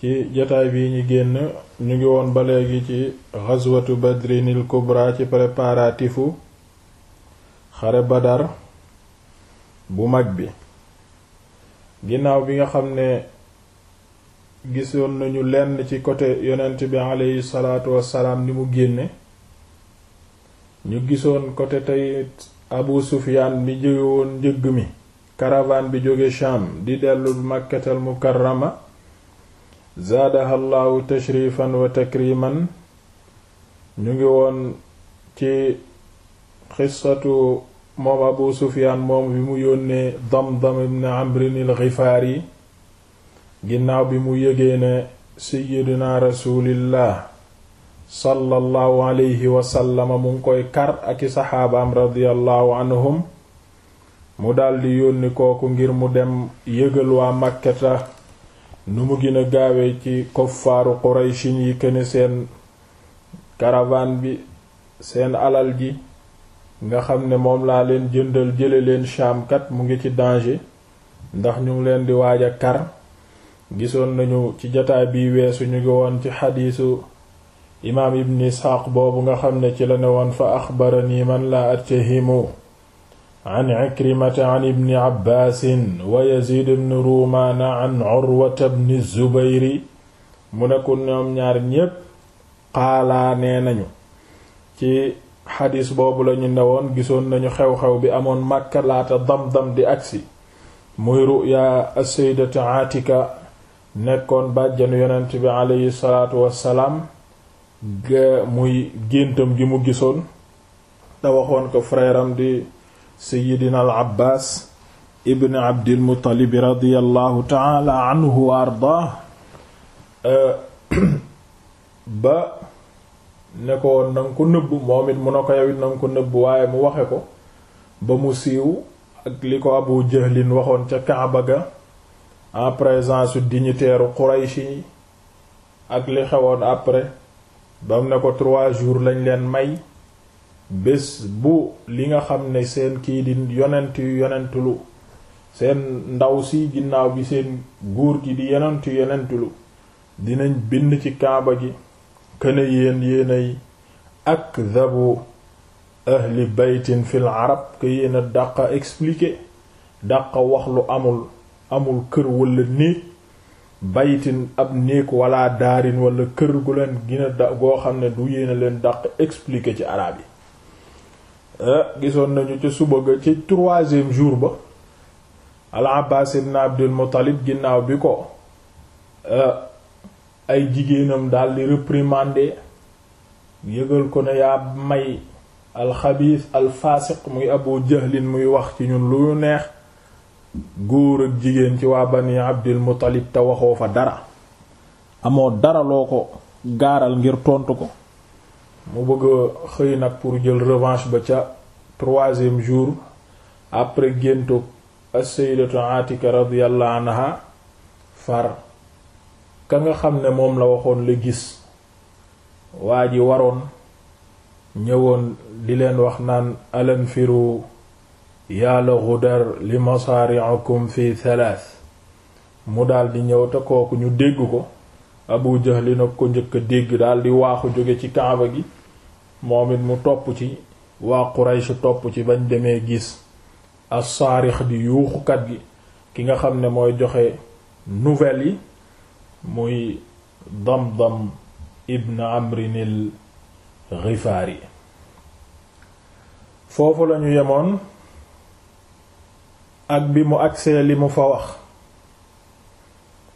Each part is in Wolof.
ci jataay bii ñu génn ñu ngi woon ba léegi ci ghazwatu badrinil kubra ci préparatifu xare badar bu mag bi ginnaaw bi nga xam ne gisoon nañu lenn ci côté yonent bi aleyhi salaatu wassalaam ni mu génne ñu gisoon côté tey abu sufiyaan bi jóge njëgg mi caravane bi jóge sham di dellu makkatal mukarrama zaadaha llahu tashrifan wa takriman ñu ngi woon ci xisatu moom abu sufiyaan moom bi mu yónnee damdam ibn amrin al-xifaari ginnaaw bi mu yëgee ne sayyidina rasulillah sallallahu alayhi wasallama mu ngi koy kar ak i saxaabaam radiyallahu anhum mu daldi yónni kooku ngir mu dem yëgal waa makketa nu mu gën gaawee ci koffaaru qurayshin yi këne seen caravane bi seen alal ji nga xam ne moom laa leen jëndal jële leen Shaam kat mu ngi ci danger ndax ñu ngi leen di waaj a kar gisoon nañu ci jataay bi weesu ñu ngi woon ci xadiisu imaam ibn Isxaaq boobu nga xam ne ci la ne woon fa axbarani man laa attahimu an Ikrimata an ibni wa Yaziid ibn Ruumaana an Urwata ibn Zubayri mu nekkul ñoom ñaar ñépp xaalaa nañu ci xadiis boobu lañu newoon gisoon nañu xew-xew bi amoon Makka laata Damdam di agsi muy ruyaa as-sayyidatu Aatika nekkoon bàjjan yonent bi aleyhi salaatu wassalaam ga muy géntam gi mu gisoon te waxoon ko frère di seydina al abbaas ibn abdilmuttalib radiallahu taala anhu wa ardaa euh, ba ne ko nanga ko nëbb moom it mu ne ko yawit nanga ko nëbb waaye mu waxe ko ba mu siiw ak li ko abu jahlin waxoon ca kaaba ga en présence su dignitaire ak li xewoon après ba mu ne ko trois jours lañ leen may bés bu li nga xam ne seen kii di yonent yu yonentulu seen ndaw si ginnaaw bi seen góor gi di yonent yu yonentulu dinañ bind ci kaaba gi këne yéen yéenay akdabu ahli baytin fil arab que yéen a dàqa expliquer dàqa wax lu amul amul kër wala néeg baytin ab néeg wala daarin wala kër gu leen gina da goo xam ne du yéen a leen daq expliquer ci araab yi Euh, gisoon nañu ca suba ga ci troisième jour ba al Abbaas ibn Abdul Muttalib ginnaaw bi ko euh, ay jigéenam daldi réprimander yëgal ko ne yaa may alxabiis alfaasiq muy abu jahlin muy wax ci ñun lu neex góor ak jigéen ci waa bani abdil muttalib te waxoo fa dara amoo dara loo ko gaaral ngir tontu ko mu bëgg a xëy nag pour jël revanche ba ca troisième jour après géntoog as-sayyidatu Atika radiyallahu anha far ka nga xam ne moom la waxoon la gis waa ji waroon ñëwoon di leen wax naan alanfiru yàlla xudar li masaari'akum fi thalath mu daldi ñëw te kooku ñu dégg ko abu jahli nag ko njëkk dégg daal di waaxu jóge ci kaaba gi moom it mu topp ci waa quraysh topp ci bañ demee gis as-saarix di yuuxukat gi ki nga xam ne mooy joxe nouvelles yi muy dam-dam ibn amrinil rifaari foofu lañu yemoon ak bi mu agsee li mu fa wax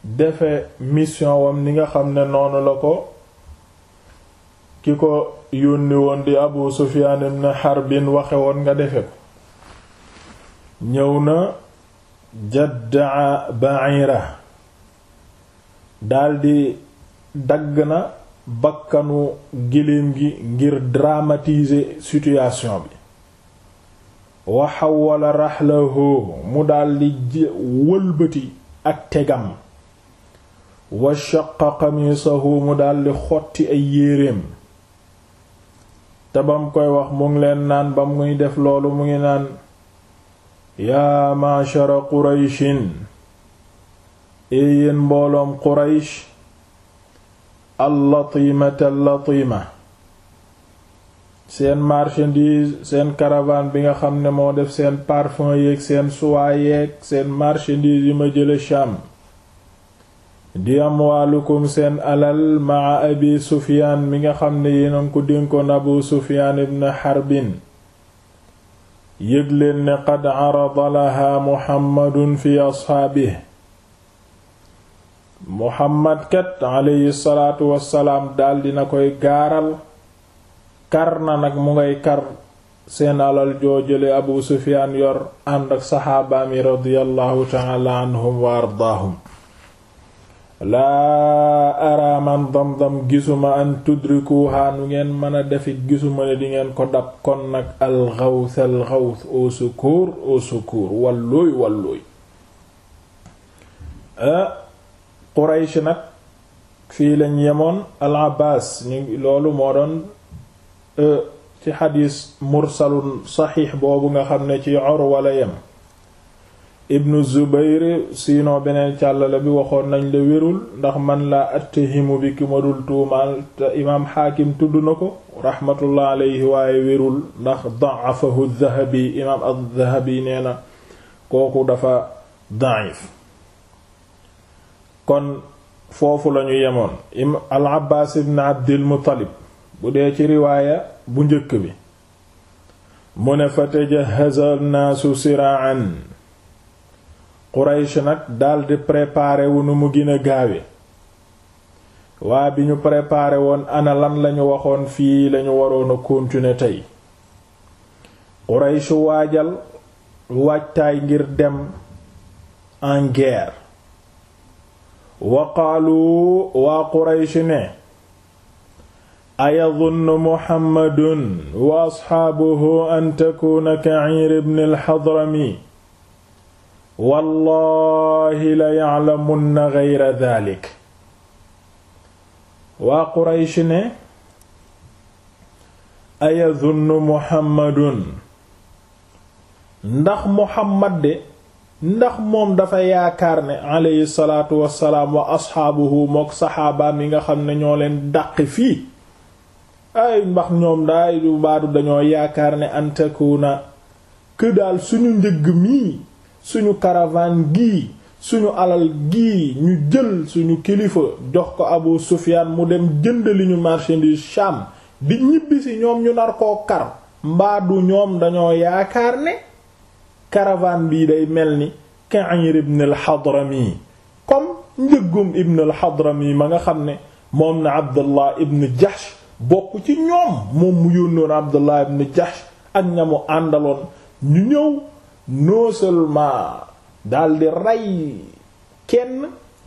defe mission wam ni nga xam ne noonu la ko ki ko yónni di Abu Sufyaan ibn Harbin waxe nga defe ko ñëw na jaddaa ba'ira daldi dagg na bakkanu giléem gi ngir dramatise situation bi waxawala raxlahu mu daldi wëlbati ak tegam wa shaqa qamiisahu mu daldi xotti ay yéreem te bam koy wax mu ngi leen naan ba mu ngi def loolu mu ngi naan yaa ma'shara qurayshin éeyéen mbooloom quraysh allatimata latima seen marchandise seen caravane bi nga xam ne moo def seen parfum yeeg seen soie yeeg seen marchandise yi ma jële Sham di amwaalukum seen alal maa abi sufiyaan mi nga xam ne yéenan ko dénkoon abu sufiyaan ibn xarbin yëg leen ne qad carada lahaa muhammadun fi asxaabih muhammad kat aleyhi salaatu daldi na koy gaaral kar na nag mu ngay kar seen alal joojale abu sufiyaan yor ànd ak saxaabaami radiyallahu taala anhum wa ardaahum laa ara man dam gisuma an tudrikuha nu ngeen mën a defit gisuma ne di ngeen ko dab kon nag alxawth alxawth au secours au secours wallooy wallooy ah, Quraysh nag fii lañ yemoon al Abbaas ñu loolu moo doon ah, ci xadiis mursalun saxiix boobu nga xam ne ci Urwa la yem ibnu zubayr sinon beneen càllale bi waxoon nañ la wérul ndax man la attahimu bi ki ma dul tuumaal te imaam xaakim tudd na ko rahmatullah alayhi waaye wirul ndax da'afahu dhahabi imaam adh-dhahabi nee na kooku dafa da'if kon foofu lañu yemoon al-abbaas ibn abdil muttalib bu dee ci riwaaya bu njëkk bi mu ne fa tajahhaza an-naasu sira'an si nag daldi préparé wu nu mu gën a waa bi ñu préparé woon ana lañu waxoon fii lañu waroon a continuer tey Quraysh waajal waajtaay ngir dem en guerre waqaalu waa Quraysh ne ayadunnu Muhammadun wa asxaabuhu an takuna ka Iir ibn al-Hadrami wallahi la ya'lamunna ghayra dhalik waa quraysh ne ayadunnu muhammadun ndax moom dafa yaakaar ne aleyhi salaatu wassalaam wa asxaabuhu mook saxaabaam yi nga xam ne ñoo leen dàq fii ay ñoom daay du dañoo yaakaar ne an takuna que daal suñu njëgg mii suñu caravane gii suñu alal gii ñu jël suñu kilifa jox ko Abu Sufyaan mu dem jënd li ñu marchandise Sham di ñibbisi ñoom ñu nar koo kar mbaa du ñoom dañoo yaakaar ne caravane bii day mel ni Ka'ir ibn al-Hadrami comme njëggum ibn al-Hadrami ma nga xam ne moom na Abdullah ibn Jahsh bokk ci ñoom moom mu yónnoon Abdullah ibn Jahsh ak ñamu àndaloon ñu ñëw non seulement daal di rey kenn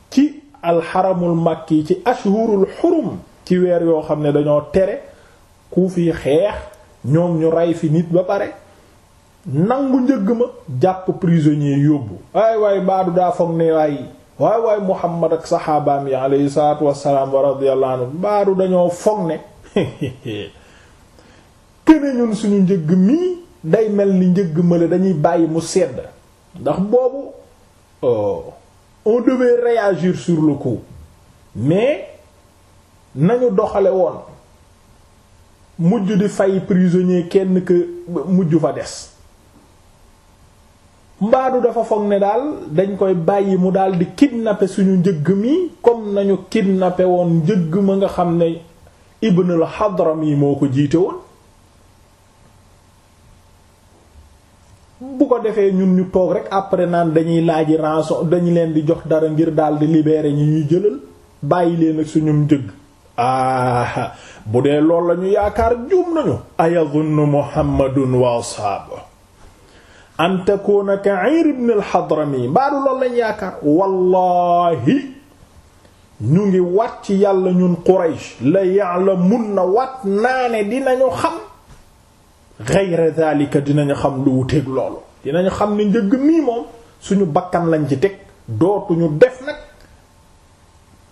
ci alxaramul yi ci ashhurul xurum ci weer yoo xam ne dañoo tere ku fi xeex ñoom ñu rey fi nit ba pare nangu njëgg ma jàpp prisonnier yóbbu waay waay baadu daa foog ne waay waay waay Muhammad ak saxaabaam yi aleyhi salaatu wassalaam wa radiyallahu anhu baadu dañoo foog ne kene ñun suñu njëgg mii day mel ni njëgg male dañuy bàyyi mu sedd ndax boobu euh, on devait réagir sur le coup mais nañu doxale woon mujj di fay prisonnier kenn que mujj fa des mbaadu dafa foog ne daal dañ koy bàyyi mu dal di kidnapper suñu njëgg mi comme nañu kidnapper woon njëgg ma nga xam ne Ibn al-Hadrami moo ko jiite woon bu ko defee ñun ñu toog rek après naan dañuy laaji rançon dañu leen di jox dara ngir daal di libérer ñi ñuy jëlal bàyyi leen ak suñum njëg ah bu dee loolu la ñu yaakaar juum nañu ayadunnu muhammadun wa ashabu an takuna ka'ir ibn al-hadrami mbaadu loolu yaakaar wallahi ñu ngi wat ci yàlla ñun quraysh la ya'lamunna wat naa ne dinañu xam ghayra dhalika dinañu xam lu wuteeg loolu dinañu xam ne njëgg mii moom suñu bakkan lañ ci teg dootuñu def nag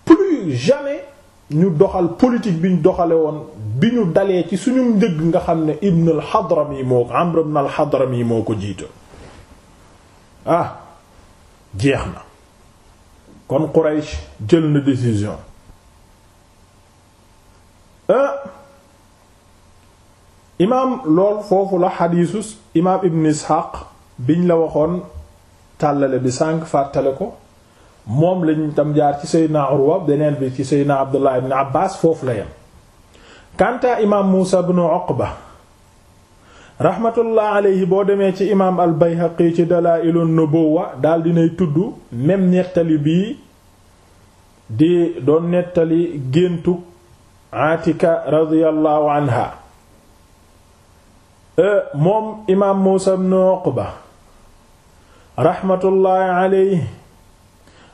plus jamais ñu doxal politique bi ñu doxale woon bi ñu dalee ci suñu njëgg nga xam ne ibn al yi moo ko Amr ibn al-Hadrami moo ko jiito ah jeex na kon Quraysh jël na décision ah, imaam lool foofu la xadiisus imaam ibn isxaaq biñ la waxoon tàllale bi sànq fàttale ko moom lañ tam jaar ci seydna urwa beneen bi ci seydna abdullah ibn abbas foofu la yem kanta imaam muusa ibn uqba rahmatullah alayhi boo demee ci imaam al bayhaqi ci dalaa'ilun nubuwa daal dinay tudd même nettali bii di doon nettali géntu atika radiyallahu anha Euh, moom imaam Muusa ibn Uqba raxmatullaahi alayhi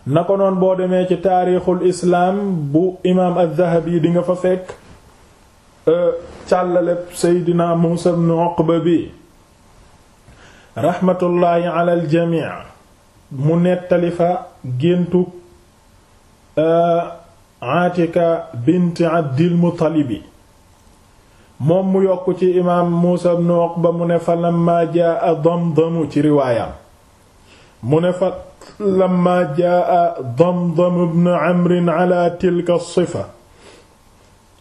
na ko noon boo demee ci taarixul islaam bu imaam az-Zahabi di nga fa fekk euh, càllaleb Seydina Muusa ibn Uqba bi raxmatullaahi ala al jamii mu nettali fa géntu euh, Aatika bint Abdil Muttalibi moom mu yokk ci imaam Muusa ibn Uqba mu ne fa lamma jaa Damdam ci riwaayam mu ne fa lamma jaa Damdam ibn Amr ala tilka sifa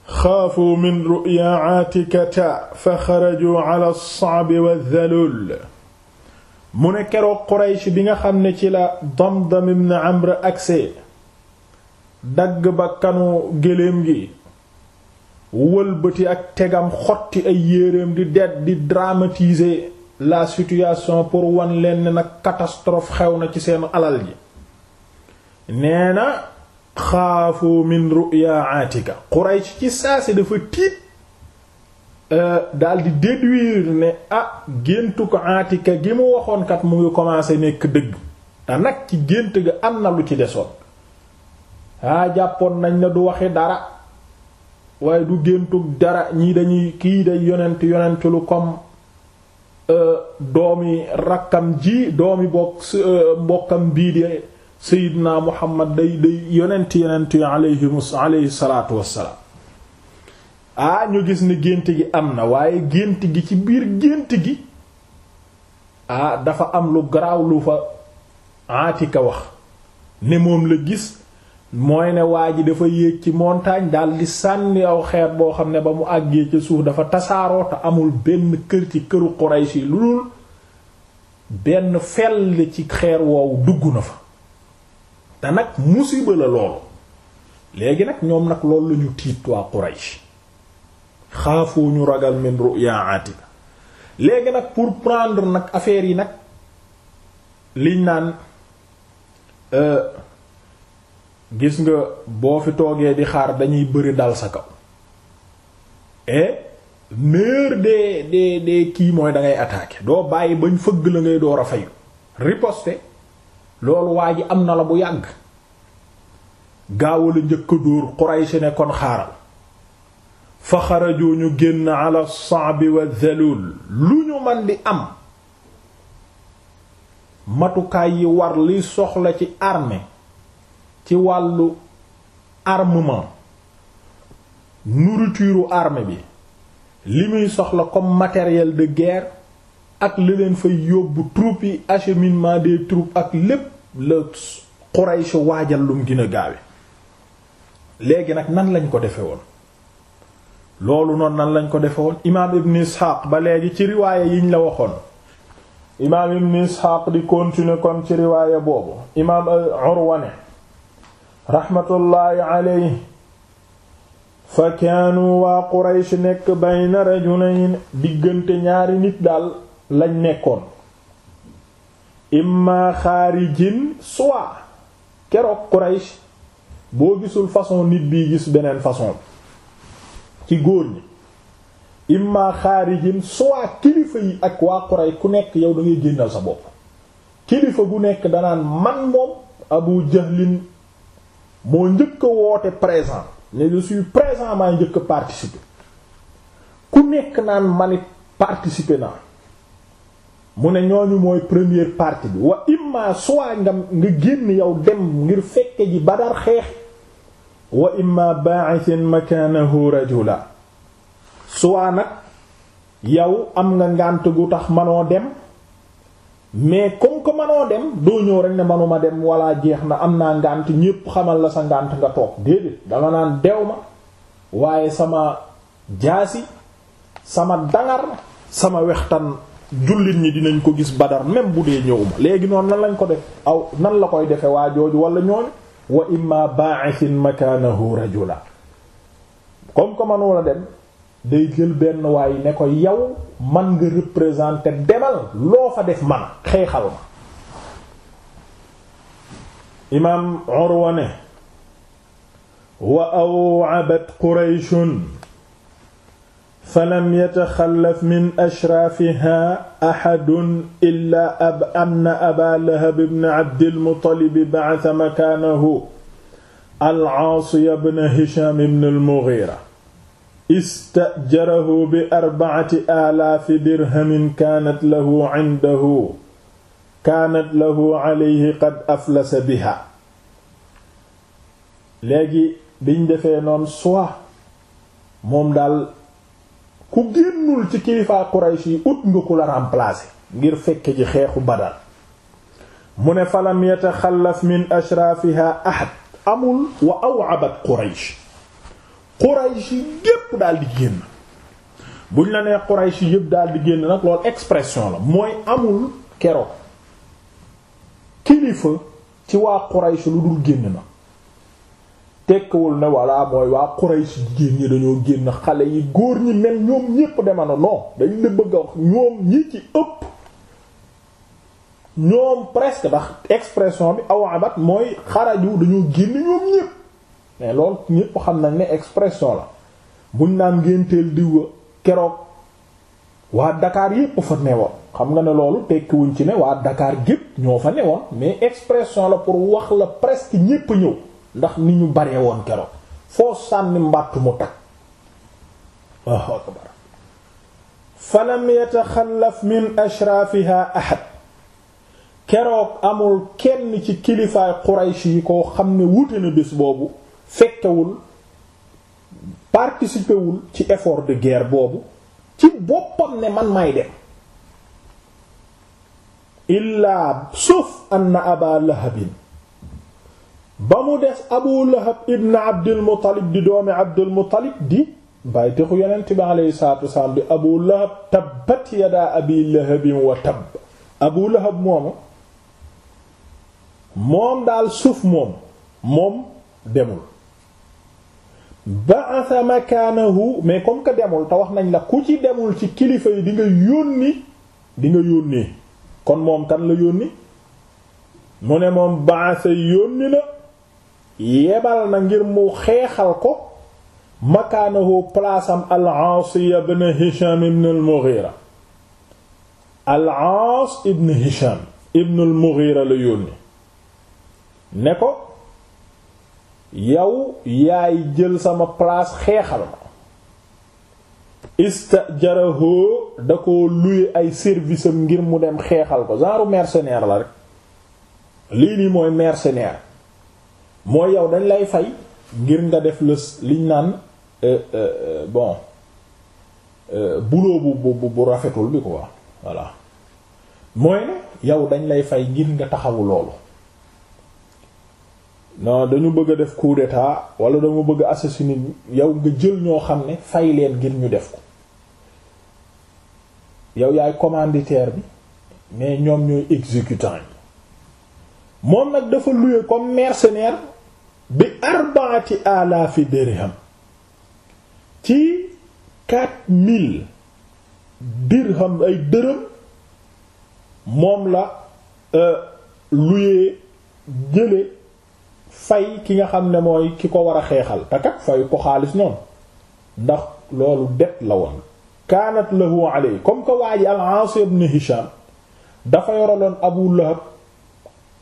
xaafuu min ru'yaa aatikata fa xarajuu ala as-sa'bi waz-zalul mu ne keroog Quraysh bi nga xam ne ci la Damdam ibn Amr agse dagg bakkanu gëléem gi wëlbati ak tegam xotti ay yéreem di det di dramatiser la situation pour wan leen ne nag catastrophe xew na ci seen alal ji nee na xaafu min ruya atika Quraysh ci saa si dafa tiit euh, daal di déduire ne ah géntu ko atika gi mu waxoon kat mu ngi commencé nekk dëgg te nag ci gént ga am na lu ci desoon ah jàppoon nañ ne du waxi dara waaye du géntug dara ñii dañuy kii day yonent yonent lu comme euh, doomi rakkam ji doomi bokk euh, mbokkam bii di Seydina Muhammad day day yonent yonent yi alayhimus alayhi salaatu wassalaam ah ñu gis ni gént gi am na waaye gént gi ci biir gént gi ah dafa am lu garaaw lu fa Atika wax ne moom la gis mooy ne waa ji dafa yéeg ci montagne daal di sànni aw xeer boo xam ne ba mu àggee ca suuf dafa tasaaroo te amul benn kër ci këru Quraysh yi lu dul benn fell ci xeer woowu dugg na fa te nag musiba la loolu léegi nag ñoom nag loolu lañu tiit waa Quraysh xaafu ñu ragal min ru'ya atika léegi nag pour prendre nag affaire yi nag liñ naan euh, gis nga boo fi toogee di xaar dañuy bari dal sa kaw et eh? meilleur des des des kii mooy dangay ngay doo bàyyi bañ fëgg la ngay door a fayu loolu waa ji am na la bu yàgg gaawala njëkka dóor Quraysh ne kon xaaral fa xaraju ñu génn ala sa'bi wa dhalul lu ñu man di am matukaay yi war li soxla ci arme ci wàllu armement nourriture arme bi li muy soxla comme matériel de guerre ak li leen fay yóbbu troupes yi acheminement des troupes ak lépp la Quraysh waajal lum gën a gaawe léegi nag nan lañ ko defe woon loolu noonu nan lañ ko defe woon imaam Ibn Ishaq ba léegi ci riwaaya yiñ la waxoon imaam Ibn Ishaq di continuer kon ci riwaaya boobu imaam Urwa ne raxmatullaahi alayhi fa waa quraysh nekk bayna rajulayn diggante ñaari nit daal lañ nekkoon imma xaarijin soit keroog quraysh boo gisul façon nit bii gis beneen façon bi ci góor ñi imma xaarijin soit kilifa yi ak waa quraysh ku nekk yow da ngay génnal sa bopp kilifa gu nekk danaan man moom abu jahlin moo njëkk a woote présent ne je présent maa njëkk a participer ku nekk naan manit participer naa mu ne ñooñu mooy première parti bi wa imma soit nga nga génn yow dem ngir fekke ji badar xeex wa imma ba'ithin makanahu rajula soit nag yow am nga ngànt gu tax manoo dem mais comme que manoo dem doo ñëw rek ne manuma dem wala jeex na am naa ngànt ñépp xamal la sa ngànt nga toog déedéet dama naan dew ma waaye sama jaasi sama dangar sama wextan jullit ñi dinañ ko gis badar même bu dee ñëwuma léegi noonu nan lañ ko def aw nan la koy defe waa jooju wala ñooñu wa imma ba'ithin makanahu rajula comme que manula dem day jël benn waay ne ko yow man nga représenter demal loo fa def man xeexal ma imaam Urwa ne wa aw'abat qurayshun falam yataxallaf min ashraafiha axadun illa ab anna aba lahab ibn abdil muttalib ba'atha makaanahu al-aas ibn hisham ibn al-mughira istajarahu bi arbacati aalaafi dirhamin kaanat lahu cindahu kaanat lahu caleyhi qad aflasa biha léegi biñ defee noon soi moom daal ku génnul ci kilifaa Quraysh yi ut nga ku la remplacer ngir fekke ji xeexu Badar mu ne falam yataxallaf min ashraafiha ahad amul wa awcabat Quraysh Quraysh yi yépp daal di génn buñ la nee Quraysh yépp daal di génn nag loolu expression la mooy amul keroog kilifa ci waa Quraysh lu dul génn na tekkiwul ne walla mooy waa Quraysh yi ñi dañoo génn xale yi góor ñi mel ñoom ñépp demano non dañ la bëgg a wax ñoom ñi ci ëpp ñoom presque ndax expression bi awabat mooy xaraju dañoo génn ñoom ñépp mais loolu ñépp xam nañ ne expression la buñ naan ngénteel diwa keroog waa dakaar yépp fa newoon xam nga ne loolu tekkiwuñ ci ne waa Dakar gépp ñoo fa newoon mais expression la pour wax la presque ñépp ñëw ndax ni ñu baree woon keroog foo sànni mbàtt mu takk waaw akbar falam yataxallaf ahad keroog amul kenn ci kilifaay Quraysh yi koo xam ne wuute na bés boobu fekkewul participé wul ci effort de guerre boobu ci boppam ne man may dem illaa sauf anna aba lahabin ba mu des abu lahab ibn abdul muttalib di doomi abdul muttalib di bi abu lahab tabbat yadaa abi lahabin wa tabb abu lahab moomu moom daal suuf moom moom demul ba'atha makaanahu mais comme que demul te wax nañ la ku ci demul ci kilifa yi di nga yónni di nga kon moom kan la yónni mu ne moom ba'atha yónni na yebal na ngir mu xeexal ko makaanahu palaasam al-Aasi ibn Hisham ibn al-Mughira al-Aas ibn Hisham ibn al-Mughira la yónni ne ko yow yaay jël sama place xeexal ma istajaraho da ko luye ay service ngir mu dem xeexal ko genre mercenaire la rek lii nii mooy mercenaire mooy yow dañ lay fay ngir nga def lës liñ naan euh, euh, bon euh, boulot bu bu bu rafetul bi quoi voilà mooy yow dañ lay fay ngir nga taxawu loolu non dañu bëgg def coup d'état wala dama bëgg a assassiner yow nga jël ñoo xam ne fay leen ngir ñu def ko yow yaay commanditaire bi mais ñoom ñooy exécutant yi moom nag dafa loué comme mercenaire bi arbaati alaafi dirham ci quatre mille dirham ay dërëm moom la euh, loué jële fay ki nga xam ne mooy ki ko war a xeexal takat fayu ko xaalis noonu ndax loolu det la woon kaanat lahu alay comme que waa ji al Hisham dafa yoraloon Abu Lahab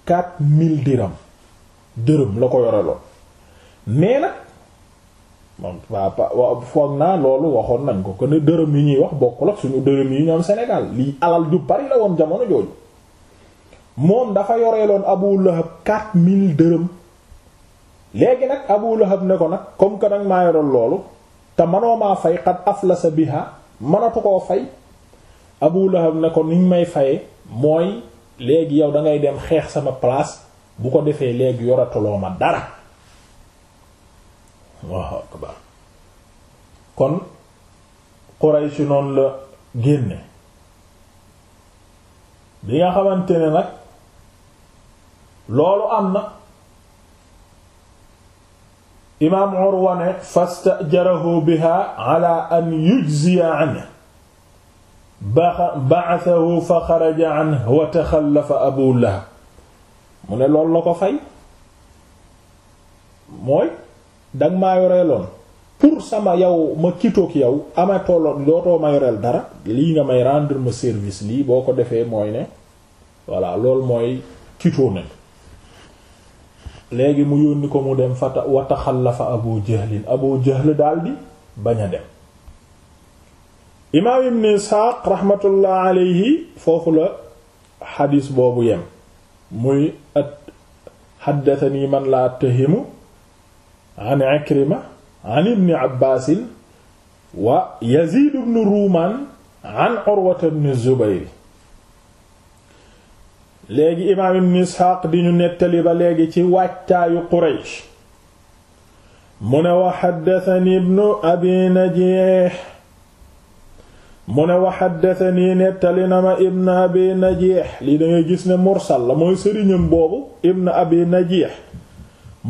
quatre mille dirham dërëm la ko yoraloon mais nag moom waaw foog naa loolu waxoon nañ ko que ne dërëm yi ñuy wax bokkul ak suñu dërëm yi ñoom Sénégal lii alal ju bari la woon jamono jooju moom dafa yoreeloon Abu Lahab quatre mille dërëm léegi nag Abu Lahab ne ko nag comme que nag maa yoroon loolu te mënoo maa fay xat aflasa biha manatu koo fay Abu Lahab ne ko niñ may faye mooy léegi yow dangay dem xeex sama place bu ko defee léegi yoratuloo ma dara waaw kon Quraysh noonu la génne bi nga xamante ne nag loolu am na imaam Urwa ne fastajarahu biha ala an yujziya anhu ba'athahu fa xaraja anhu wa Abu Lahab mu ne loolu la ko fay mooy danga maa yoreeloon pour sama yow ma kitook yow amatooloon dootoo ma yoreel dara lii nga may rendre ma service lii boo ko defee mooy ne voilà loolu mooy kitoo nañ léegi mu yónni ko mu dem fata wataxallafa abu jahlin abu jahl daldi bañ a dem imaam ibn isxaaq raxmatullah foofu la xadiis boobu yem muy at xaddatani man laa attahimu an ikrima an ibni abbaasin wa yaziid ibn ruumaan an urwata zubayri léegi imaam ibn isxaaq di ñu nettali ba léegi ci wàccaayu quraysh mu ne wa xaddatani ibnu abi najiix mu ne wa xaddatani nettali na ma ibn abi najiix lii dangay gis ne mursal la mooy sëriñam boobu ibn abi najiix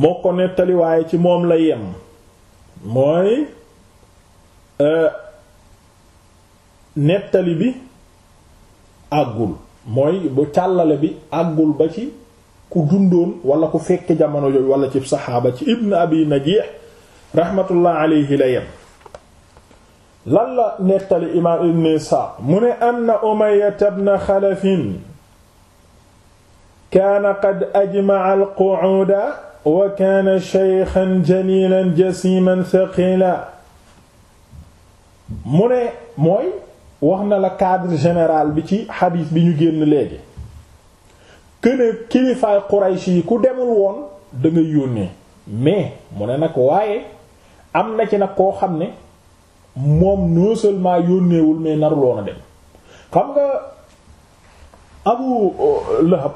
moo ko nettali waaye ci moom la yem mooy euh, nettali bi àggul mooy bu càllale bi àggul ba ci ku dundoon wala ku fekke jamono jooju wala ci saxaaba ci ibn abi najih rahmatullah alayhi la yem lan la nettali imaam ibn isxaaq mu ne anna umayyata ibn xalafin kaana qad ajmaca alqucuuda wa kaana sheyxan jalilan jasiman thaqila mu ne mooy wax na la cadre général bi ci xadiis bi ñu génn léegi këne kilifaay Quraysh yi ku demul woon da yónnee mais mu ne nag waaye am na ci nag koo xam ne moom non seulement yónneewul mais naruloon a dem xam nga Abu euh, Lahab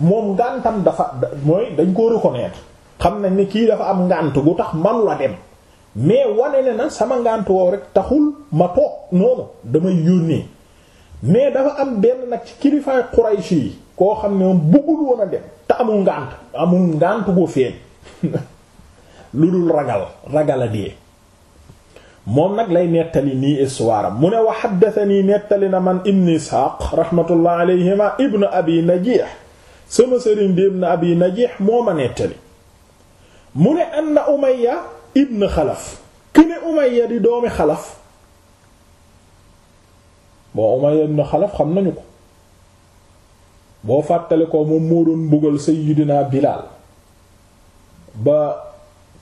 moom ngàntam dafa mooy dañ ko reconnaître xam na ni kii dafa am ngànt gu tax manu la dem mais wane na sama ngànt woow rek taxul ma toog noonu damay yónnee mais dafa am benn nag ci kilifaay Quraysh koo xam ne moom bëggul woon a dem te amul ngànt amul ngànt gu feeñ lu dul ragal ragal a dee moom nag lay nettali nii histoire mu ne wa haddathani nettali na man ibn Ishaq rahmatullah alayhima ibn abi sama sëriñ di ibn abi Najih moo ma nettali mu ne anna Umayya ibn xalaf ki ne umayya di doomi xalaf boo umayya ibn xalaf xam nañu ko boo fàttale ko moom moo doon mbugal sayyidina bilaal ba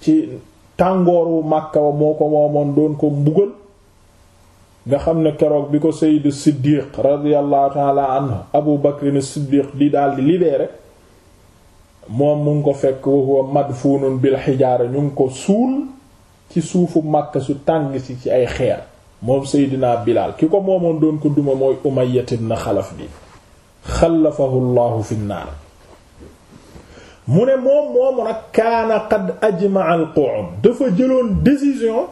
ci tàngooru màkka wa moo ko moomoon doon ko mbugal nga xam ne keroog bi ko sayyid siddiq radiyallahu ta'ala anhu abu bakrin siddiq di daldi libéré moom mu ngi ko fekk waxuwa madfunun bil xijaara ñu ngi ko suul ci suufu Makka su tàng si ci ay xeer moom Seydina Bilaal ki ko moomoon doon ko duma mooy Umayya ibn Xalaf bi xalafahu llahu fi nnaar mu ne moom moomu nag kaana qad ajmaa al qawm dafa jëloon décision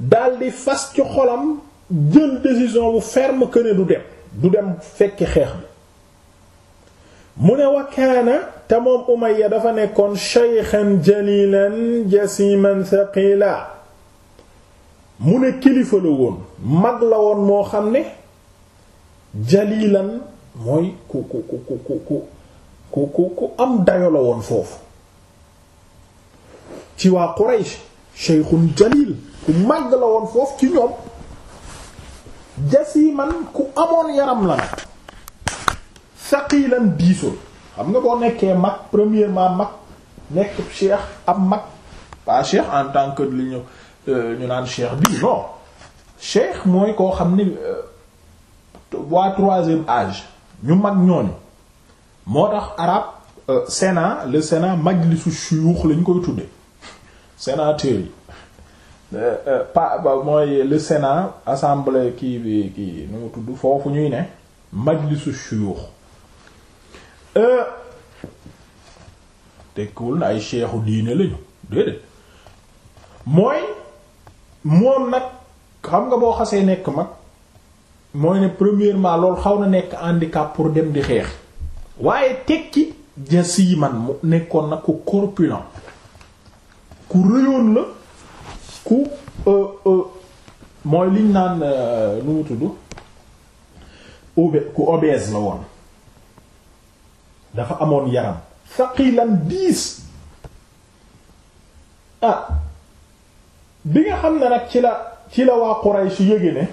daldi fas ci xolam jël décision bu ferme que ne du dem du dem fekki xeex bi mu ne wa na te moom Umayya dafa nekkoon shaykhan jalilan jasiman thaqila mu ne kilifa la woon mag la woon moo xam ne jalilan mooy ku ku ku ku ku ku ku ku am dayo la woon foofu ci waa Quraysh shaykhun jalil ku mag la woon foofu ci ñoom jasiman ku amoon yaram la nag saqilan diisoon xam nga boo nekkee mag premièrement mag nekk cheikh am mag pas cheikh en tant que li ñu euh, ñu naan cheikh bi non cheikh mooy koo xam ni euh, waa troisième âge ñu mag ñooñu moo tax arab euh, sénat le sénat majlisu shuyukh lañ koy tudde sénateur yi pa mooy le sénat assemblée kii bi kii nu mu tudd foofu ñuy ne majlisu shuyukh Euh. tekkiwul na ay seexu diine lañu déedéet mooy moom nag xam nga boo xasee nekk mag mooy ne premièrement loolu xaw na nekk handicap pour dem di xeex waaye tekki jasiiman mu nekkoon nag ku corpulent ku rëyoon la ku euh, euh, mooy liñ naan nu mu tudd obé ku obèse la woon dafa amoon yaram saqilan diis ah bi nga xam ne nag ci la ci la waa Quraysh yége ne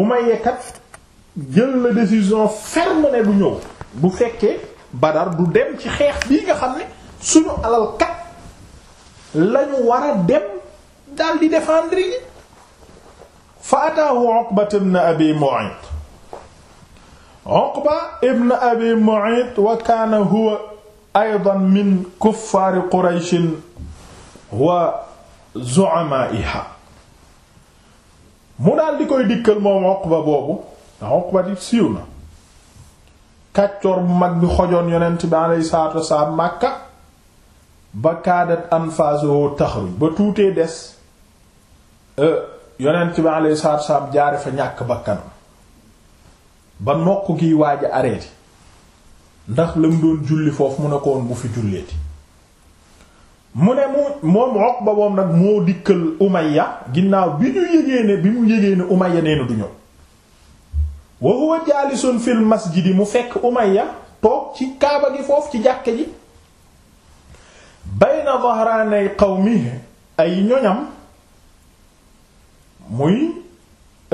Umayya kat jël la décision ferme ne du ñëw bu fekkee Badar du dem ci xeex bii nga xam ne suñu alal kat lañu war a dem dal di défendre yi fa ataahu Uqbatu ibn Abi Mu'ayt Uqba ibn Abi Mu'ayt wa kaana huwa aydan min kuffaari Quraysh wa zu'amaa'ihaa mu daal di koy dikkal moom Uqba boobu ndax Uqba di siiw na kàccoor bu mag bi xojoon yonent bi alayhi salaatu wasalaam Makka ba kaadat anfaasuhu taxruj ba tuutee des euh, yonent bi alayhi salaatu wasalaam jaare fa ñàkk bakkanam ba noq gi waaj a ndax la mu doon julli foofu mu ne ko bu fi julleeti mu ne mu moom Uqba moom nag moo dikkal Umayya ginnaaw bi ñu yégee ne bi mu yégee ne Umayya nee na du ñëw wa huwa jaalisun fil masjidi mu fekk Umayya toog ci kaaba gi foofu ci jàkke ji bayna dhahranay qawmi ay ñoñam muy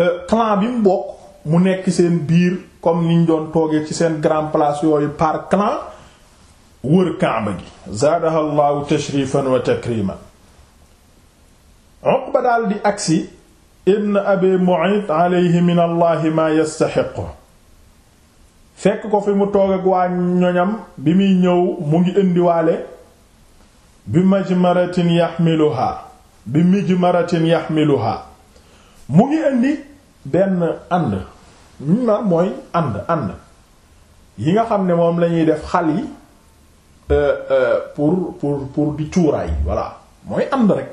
euh, clan bi mu bokk mu nekk seen biir comme niñ doon toogee ci seen grand place yooyu par clan wër Kaaba gi zaadaha tashrifan wa takriman Uqba daal di agsi ibn abi Mu'ayt alayhi min allahi maa fekk ko fi mu toog ak waa ñoñam bi muy ñëw mu ngi indiwaale bi mijmaratin yaxmiluha bi mijmaratin yaxmiluha mu ngi indi benn ànd mimma mooy ànd ànd yi nga xam ne moom lañuy def xal yi euh, euh, pour pour pour di cuuraay voilà mooy ànd rek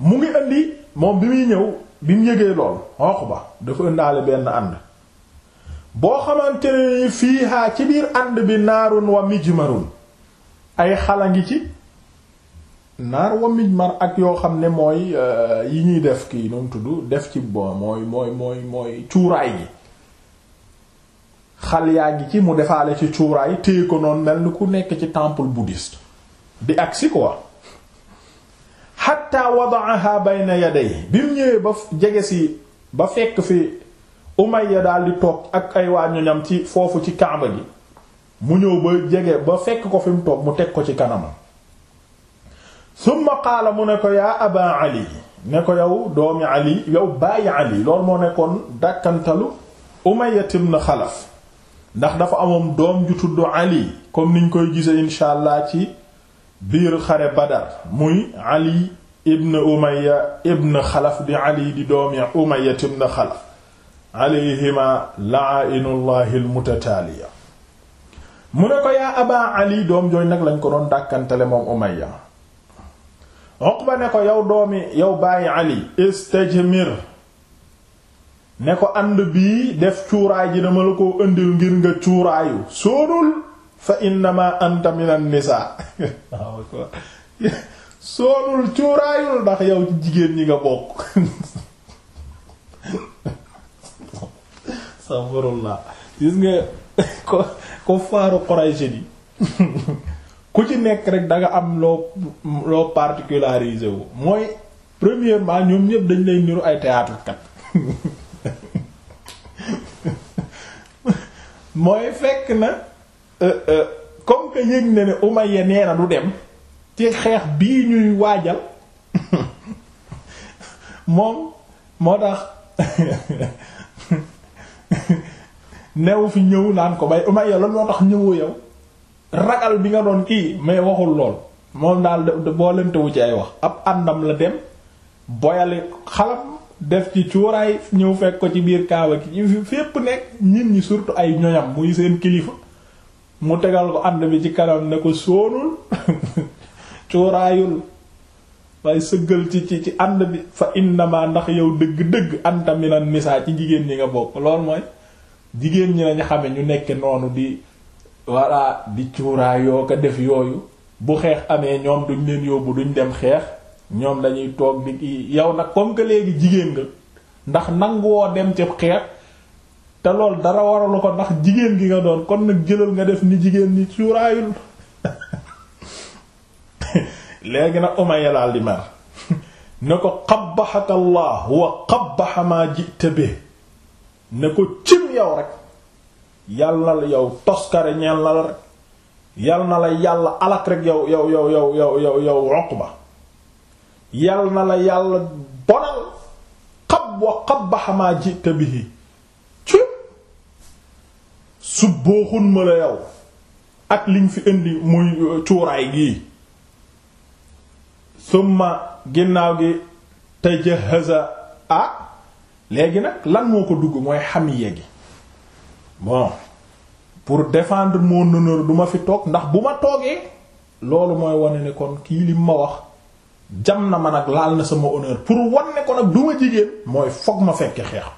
mu ngi indi moom bi muy ñëw bi mu yëgee lool xooq ba dafa ëndaale benn ànd boo xamante ne fii haa ci biir ànd bi naarun wa mijmarun ay xala ngi ci naar wa mijmar ak yoo xam ne mooy euh, yi ñuy def kii nu tudd def ci bo mooy mooy mooy mooy cuuraay gi xal yaa ngi ci mu defaale ci cuuraay téye ko noonu mel ni ku nekk ci temple bouddhiste di agsi quoi hatta wada'aha bayna yadayhi bi mu ñëwee ba jege si ba fekk fi Umayya daal di toog ak ay waa ñoñam ci foofu ci Kaaba gi mu ñëw ba ba fekk ko fi mu toog mu teg ko ci kanamam summa qaala mu ne ko yaa aba ali ne ko yow doomi ali yow bàyyi ali loolu moo nekkoon dàkkantalu Umayya ibn Xalaf ndax dafa amoon doom ju tudd Ali comme niñ koy gisee incha allah ci biir xare Badar muy Ali ibn Umayya ibn Xalaf di Ali di doom ya Umayya ibn Xalaf alayhima la'ainullahi almutataaliya mu ne ko yaa Aba Ali doom jooy nag lañ ko doon dàkkantele moom Umayya Uqba ne ko yow doomi yow bàyyi Ali istajmir ne ko ànd bii def cuuraay ji dama la koo indil ngir nga cuuraayu sóorul fa innama anta minan nisaa sóorul cuuraayul ndax yow ci jigéen ñi nga bokk astaghfirullah gis nga ko ko faaru Quraysh yi ku ci nekk rek danga nga am loo loo particularisé wu mooy premièrement ñoom ñëpp dañ lay niru ay théâtre kat mooy fekk na euh, euh, comme que yëg na ne Umayya nee na du dem ci xeex bii ñuy waajal moom moo tax neew fi ñëw naan ko bay Umayya lan moo tax ñëwoo yow ragal bi nga doon kii mais waxul lool moom daal boo leen ci ay wax ab àndam la dem boyale xalam def ci cuuraay ñëw fekk ko ci biir kaaba ki ci fépp nekk nit ñi surtout ay ñoñam muy seen kilifa mu tegal ko ànd bi ci kanam ne ko soonul cuuraayul waaye sëggal ci ci ci ànd bi fa innama ndax yow dëgg-dëgg anta minan ci jigéen ñi nga bokk lool mooy jigéen ñi lañu xame ñu nekk noonu di walla di cuuraay yoo ko def yooyu bu xeex amee ñoom duñ leen yóbbu duñ dem xeex ñoom dañuy toog di yow nag comme que léegi jigéen nga ndax nanguwoo dem ci xeex te lool dara waralu ko ndax jigéen gi nga doon kon nag jëlal nga def ni jigéen ñi cuuraayul léegi nag Umayya daal di mer ne ko qabbaxaka Allah wa qabbaxa maa ji'ta bi ne ko cim yow rek yàlla la yow toskare ñeel na la rek yàlla na yàlla alak rek yow yow yow yow yow yow yow ba yal na la yàlla bonal xab wa xabaxa maa jita bihi ci su booxun ma la yow ak liñ fi indi muy uh, cuuraay gii summa ginnaaw gi te tajahaza a léegi nag lan moo ko dugg mooy xam gi bon pour défendre mon honneur du ma fi toog ndax bu ma toogee loolu mooy wane ne kon kii li ma wax jam na ma nag laal na sama honneur pour wan ko nag du ma jigéen mooy foog ma fekke xeex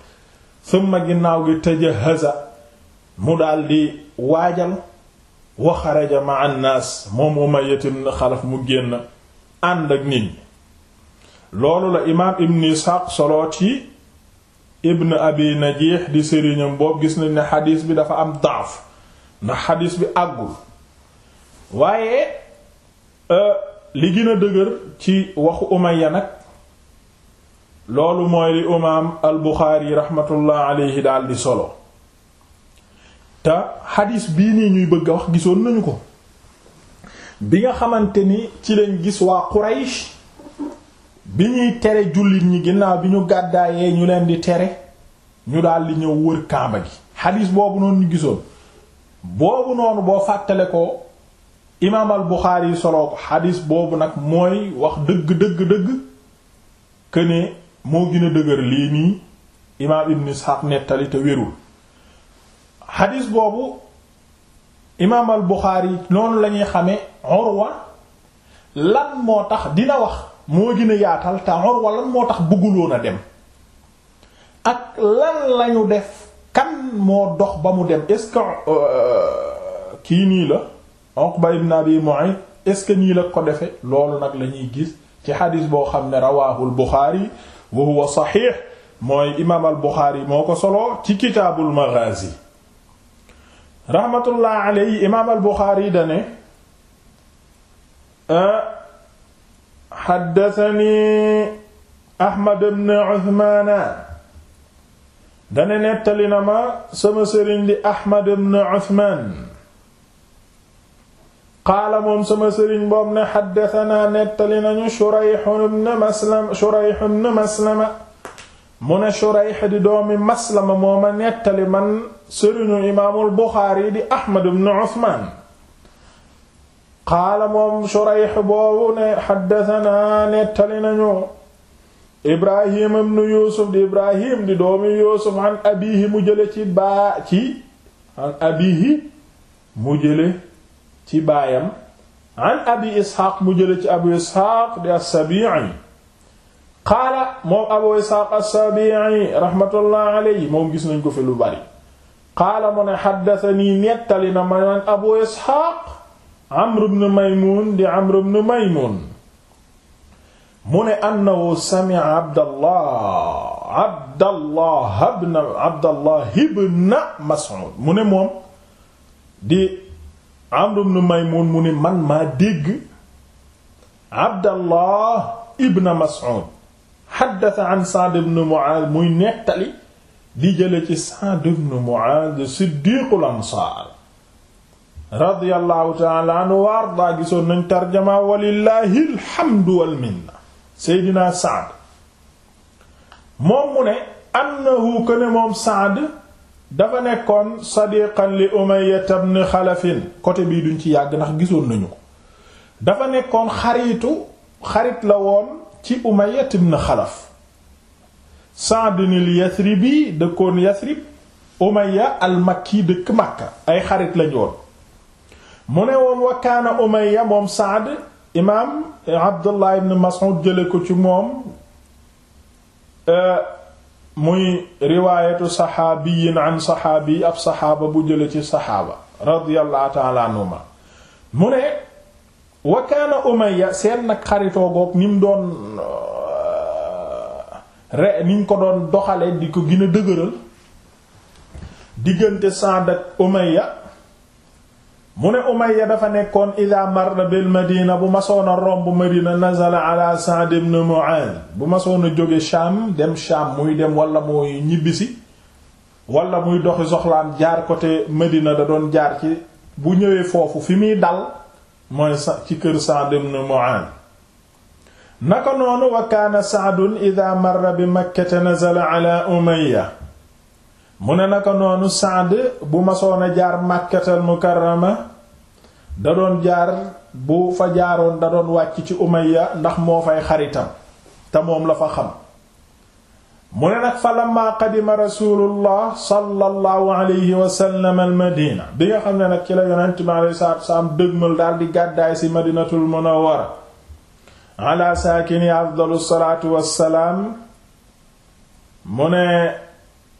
summa ginnaaw gi tajahaza mu daal di waajal wa xaraja ma annaas moom Umayya ibn Xalaf mu génn ànd ak nit ñi loolu la imaam ibn Isxaaq solo ci ibn Abi Najiix di sëriñam boobu gis nañ ni xadiis bi dafa am daaf ndax xadiis bi àggul waaye. Euh, li gëna dëgër ci waxu Umayya nag loolu mooy li imaam al Buxaari raxmatullah alayhi daal solo te xadiis bii nii ñuy bëgg a wax gisoon nañu ko bi nga xamante ni ci lañ gis waa Quraysh bi ñuy tere jullit ñi ginnaaw bi ñu gàddaayee ñu leen di tere ñu daldi ñëw wër kaaba gi xadiis boobu noonu ñu gisoon boobu noonu boo fàttale ko imaam al Buxaari soloo ko xadis boobu nag mooy wax dëgg dëgg dëgg que ne moo gën a dëgër lii nii imaam Ibn Isxaaq nettali te wérul xadis boobu imaam al Buxaari yi noonu la ñuy xamee lan moo tax dina wax moo gin a yaatal te Urwa lan moo tax bëgguloon a dem ak lan lañu def kan moo dox ba mu dem est-ce que euh, kii nii la. Uqba ibn Abi Mu'ayt la ko defe loolu nag la gis ci xadis boo xam ne rawaahul Buxaari wa imaam al Buxaari ci kitaabul Maghaazi rahmatullah alayhi imaam al Buxaari dane Ahmad ibn dane nettali na ma sama sëriñ di Ahmad ibn qaala moom sama sëriñ boobu ne xaddatanaa nettali nañu Shurayh ibn Maslama Shurayh mu ne Shurayh di doomi Maslama moo ma nettali man sëriñu imaamul Buxaari di Ahmad ibn Usmaan qaala moom Shurayh boobu ne xaddatanaa nettali nañu Ibrahim ibn Yuusuf di Ibrahim di doomi Yuusuf mu jële ci baa ci an mu jële ci baayam an mu jële ci abu isxaaq di as-Sabi'i qaala moom abu isxaaq as-Sabi'i rahmatullah alayhi moom gis nañ ko fi lu bari qaala mu ne xaddatanii nettali na ma man abu isxaaq amr ibn maymun di amr ibn maymun mu ne annahu sami'a abdallah abdallah ibn abdallah ibn mas'ud mu ne di Amr ibn Maymun mu ne man maa dégg Abdallah ibn Mas'ud xaddata an Sa'd ibn Mu'adh muy nettali di jële ci Sa'd ibn Mu'adh siddiqul ansaar radiyallahu ta'ala anhu wa ardaa gisoon nañ tarjama walillahi alhamdu wal minna Seydina Sa'd moom mu ne annahu kana moom Sa'd dafa nekkoon sadiqan li Umayya ibn Xalaf côté bii duñ ci yàgg ndax gisoon nañu ko dafa nekkoon xaritu xarit la woon ci Umayya ibn Xalaf Sa'd al-Yathribi dëkkoon Yathrib Umayya al-Makki dëkk Makka ay xarit lañu woon mu ne woon wa kaana moom Sa'd imaam Abdullah ibn Mas'ud jële ko ci moom euh, muy riwaayatu saxaabiyin an saxaabi ab saxaaba bu jële ci saxaaba radiyallahu ta'ala anhuma mu ne wa kaana seet nag xaritoo goog ni mu doon euh, re ni mu ko doon doxale di ko gën a dëgëral diggante Sa'd ak umayya mu ne Umayya dafa nekkoon ida marra bil madina bu masoona romb madina nazala ala Sa'd ibn Mu'adh bu masoona jóge Sham dem Sham muy dem wala mooy ñibbisi wala muy doxi soxlaan jaar côté madina da doon jaar ci bu ñëwee foofu fi muy dal mooy ci kër Sa'd ibn Mu'adh naka noonu wa kaana Sa'dun ida bi Makkata nazala ala Umayya mu ne naka noonu Saad bu masoon a jaar Makkatal Mukarrama da doon jaar bu fa jaaroon da doon wàcc ci umaya ndax moo fay xaritam te moom la fa xam mu ne nag fa lamma qadima rasulullah sallallahu alayhi bi nga xam ne nag ci la yonent bi alayhi dëgmal daal di gàddaay ci madinatul munawwara ala saakini afdalu salaatu wassalaam mu ne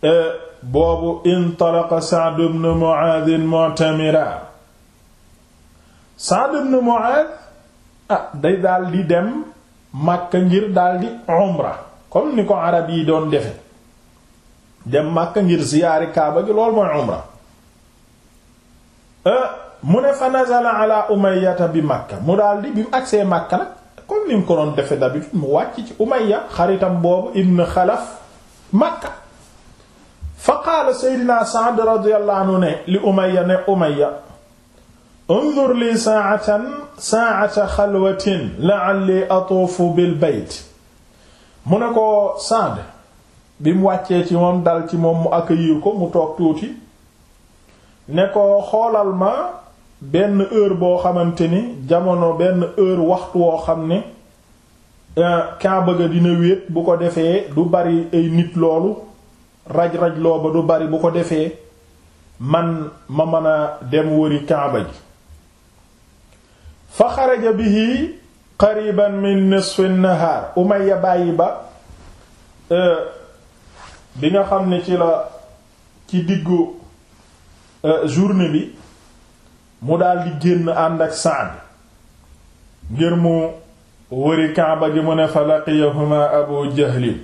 eh, boobu intalaqa Sa'd ibn Mu'adh mu'tamira Sa'd ibn Mu'adh ah day dem Makka ngir daal di comme ni ko arab yi doon defe dem Makka ngir ziyaari Kaaba gi loolu mooy umra ah, mu ne fa nazala ala Umayyata bi Makka mu daal di bi mu agsee Makka nag comme ni mu ko doon defe d'habitude mu wàcc ci Umayya xaritam boobu ibn Xalaf Makka fa qaala seydina Sa'd radiyallahu anhu ne li Umayya ne Umayya unzur li saa'atan saa'ata xalwatin la'alli atuufu bil bayt mu ne ko Sa'd bi wàccee ci moom dal ci moom mu accueillir ko mu toog tuuti ne ko xoolal ma benn heure boo xamante ni jamono benn heure waxtu woo xam ne eh, kaa bëgga dina wéet bu ko defee du bari ay nit loolu raj-raj loo ba du bari bu ko defee man ma mën a dem wëri kaaba ji fa xaraja bihi qariban min nisfi nahaar umayya bàyyi ba e, bi nga xam ne ci la ci diggu e, journée bi mu daldi génn ànd ak Saad ngir mu wëri kaaba ji mu ne fa laqiyahuma abu jahlin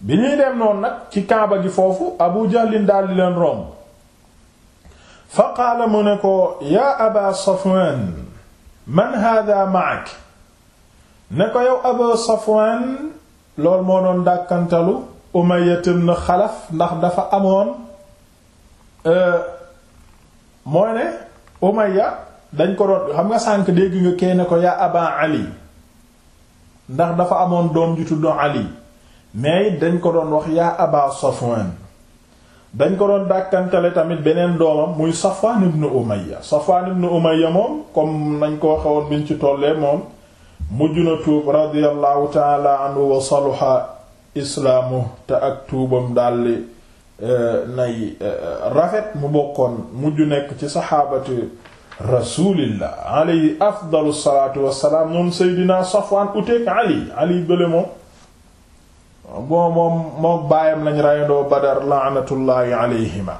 bi ñuy dem noonu nag ci kaaba gi foofu abu jahlin daal di leen romb fa qaala mu ne ko yaa aba safwan man hada maak ne ko yow aba safwan loolu moo doon dàkkantalu umayya ibn xalaf ndax dafa amoon euh, mooy ne umayya dañ ko doon xam nga sànk dégg nga kee ko yaa aba ali ndax dafa amoon doom ju tuddu ali mais dañ ko doon wax yaa Aba Safwan dañ ko doon dàkkantale tamit beneen doomam muy Safwan ibn Umayya Safwan ibn Umayya moom comme nañ ko waxewoon biñ ci tollee moom mujj na tuub radiyallahu taala anhu wa saluha islaamu te ak tuubam daldi eh, nay eh, rafet mu bokkoon mujj nekk ci saxaabatu rasulillah alayhi afdalu salaatu wassalaam moom seydina Safwan uteek Ali Ali bële moom bon moom mook baayam lañ rayandoo badar laanatullaahi alayhima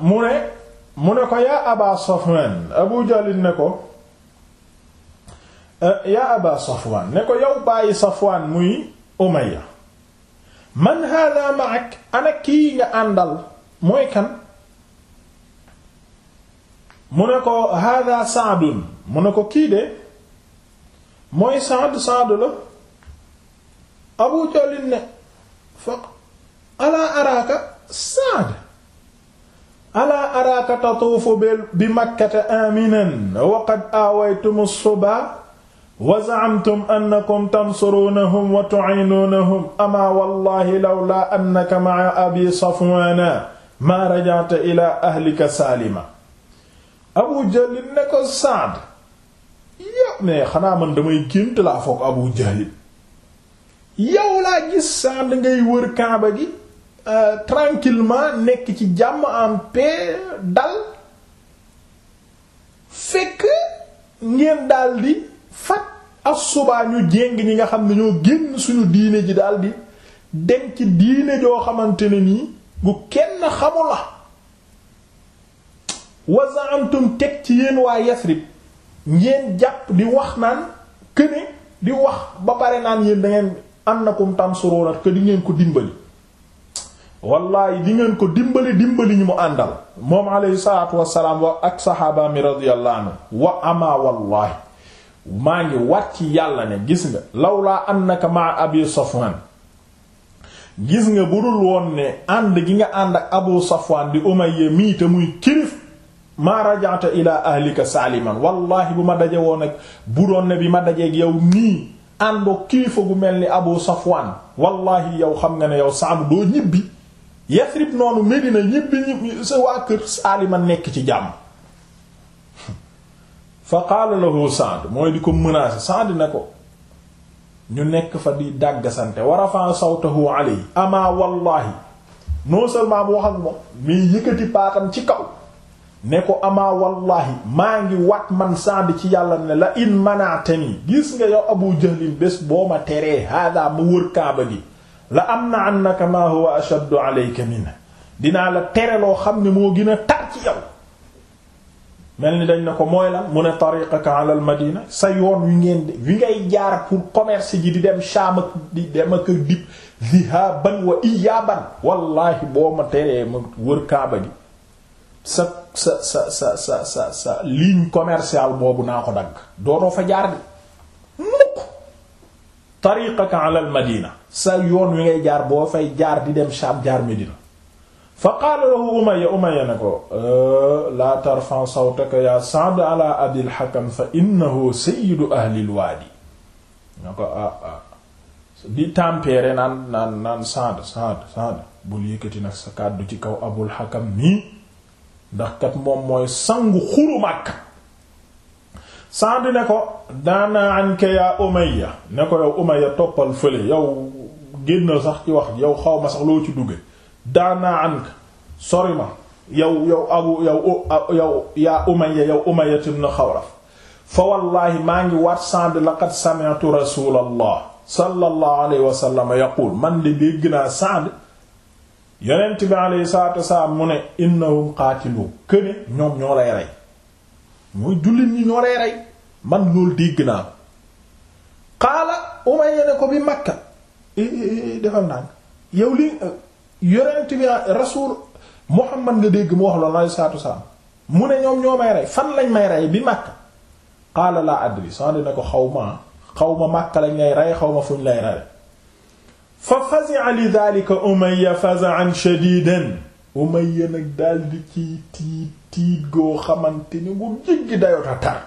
mu ne mu ne ko yaa aba safwan abu jalil ne ko yaa aba safwan ne ko yow bàyyi safwan muy umayya man hada ma'ak ana kii nga àndal mooy kan mu ne ko hada saadun mu ne ko kii de mooy saad saad la abu jahlin ne fa ala araaka saad ala araaka tatuufu bi makkata aminan wa qad aawaytum subaa wa za'amtum annakum tansurunahum wa tu'inunahum ama wallahi lawla annaka ma'a abi safwana ma raja'ta ila ahlika saalima abu jahlin ne ko saad ya ne xanaa man damay gént laa foog abu jahlin yow laa gis saa ngay wër kaaba gi euh, tranquillement nekk ci jàmm en paix dal fekk ngeen daldi fat asubaa ñu jéng ñi nga xam ne ñoo génn suñu diine ji daldi dem ci diine joo xamante ne nii gu kenn xamu la wa teg ci yéen waa Yasrib ngeen jàpp di wax naan këne di wax ba pare naan yéen da ngeen annakum tansuruna ko di ngeen ko dimbali wallahi di ngeen ko dimbali dimbali ñu mu àndal moom alayhi salaatu wassalaam ak saxaaba mi wa ama wallahi maa ngi wat ci yàlla ne gis nga lawlaa annaka ma abi safwan gis nga bu dul woon ne ànd gi nga ànd ak abu safwan di umayya mii te muy kilif maa rajaata ila ahlika saaliman wallahi bu ma daje woon ak bu ne bi ma dajeeg yow nii àndoo kilifa gu mel ni Abu Safwan wallahi yow xam nga ne yow Saadu doo ñibbi Yasrib noonu Medina ñibbi ñibbi sa waa kër Salima nekk ci jàmm fa qaala lahu Saad mooy di ko menacer Saad ne ko ñu nekk fa di dàggasante wa rafa'a sawtahu alayhi wallahi non seulement mu wax ak paatam ci kaw ne ko amaa wallahi maa ngi wat man sànd ci yàlla ne la in manaatani gis nga yow abu jahlin bés boo ma teree hàddaa ma wër kaaba gi la am na annaka maa huwa ashaddu alayka min dinaa la tereloo loo xam ne moo gën a tar ci yow mel ni dañ ne ko mooy la mu ne tariqaka ala al madina sa yoon wi ngeen wi ngay jaar pour commerce ji di dem Sham ak di dem ak dib zihaban wa iyaban wallahi boo ma teree ma wër kaaba gi sa sa sa sa sa sa ligne commerciale boobu naa ko dagg dootoo fa jaar bi mukk tariqaka ala madina sa yoon wi ngay jaar boo fay jaar di dem Sham jaar Medina fa qaala lahu Umayya Umayya ne ko la tarfa sawtaka ya Sa'd ala Abil Hakam fa innahu sayyidu ahlil waadi na ko ah ah di naan naan naan Sa'd Sa'd bul yëkkati nag sa kàddu ci kaw Abul Hakam nii ndax kat moom mooy sangu xuru Makka Saad ne ko daana anka yaa Umayya ne ko yow Umayya toppal fële yow génnal sax ci wax yow xaw ma sax loo ci dugge daana anka sori ma yow yow abu yow yow yaa Umayya yow Umayya ibn Xawlaf fa wallaahi maa ngi waat Saad laqad sami'tu rasulallah sallallahu alayhi wa sallam man de dégg naa Saad yonent bi alayhi salaatu wasalaam mu ne innahum qaatilu këne ñoom ñoo lay rey mooy jullit ñi ñoo lay rey man loolu dégg naa xaala Umayya ne ko bi Makka eh, eh, eh, defal naa yow li yonent bi rasuul Muhammad nga dégg mu wax loolu alayhi mu ne ñoom ñoo may rey fan lañ may rey bi Makka xaala laa adri soo ne ko xaw ma xaw ma Makka lañ lay rey xaw ma fuñ lay rey fa fazi'a li daldi ci tiit goo xamante ni ngu jiggi dayota tar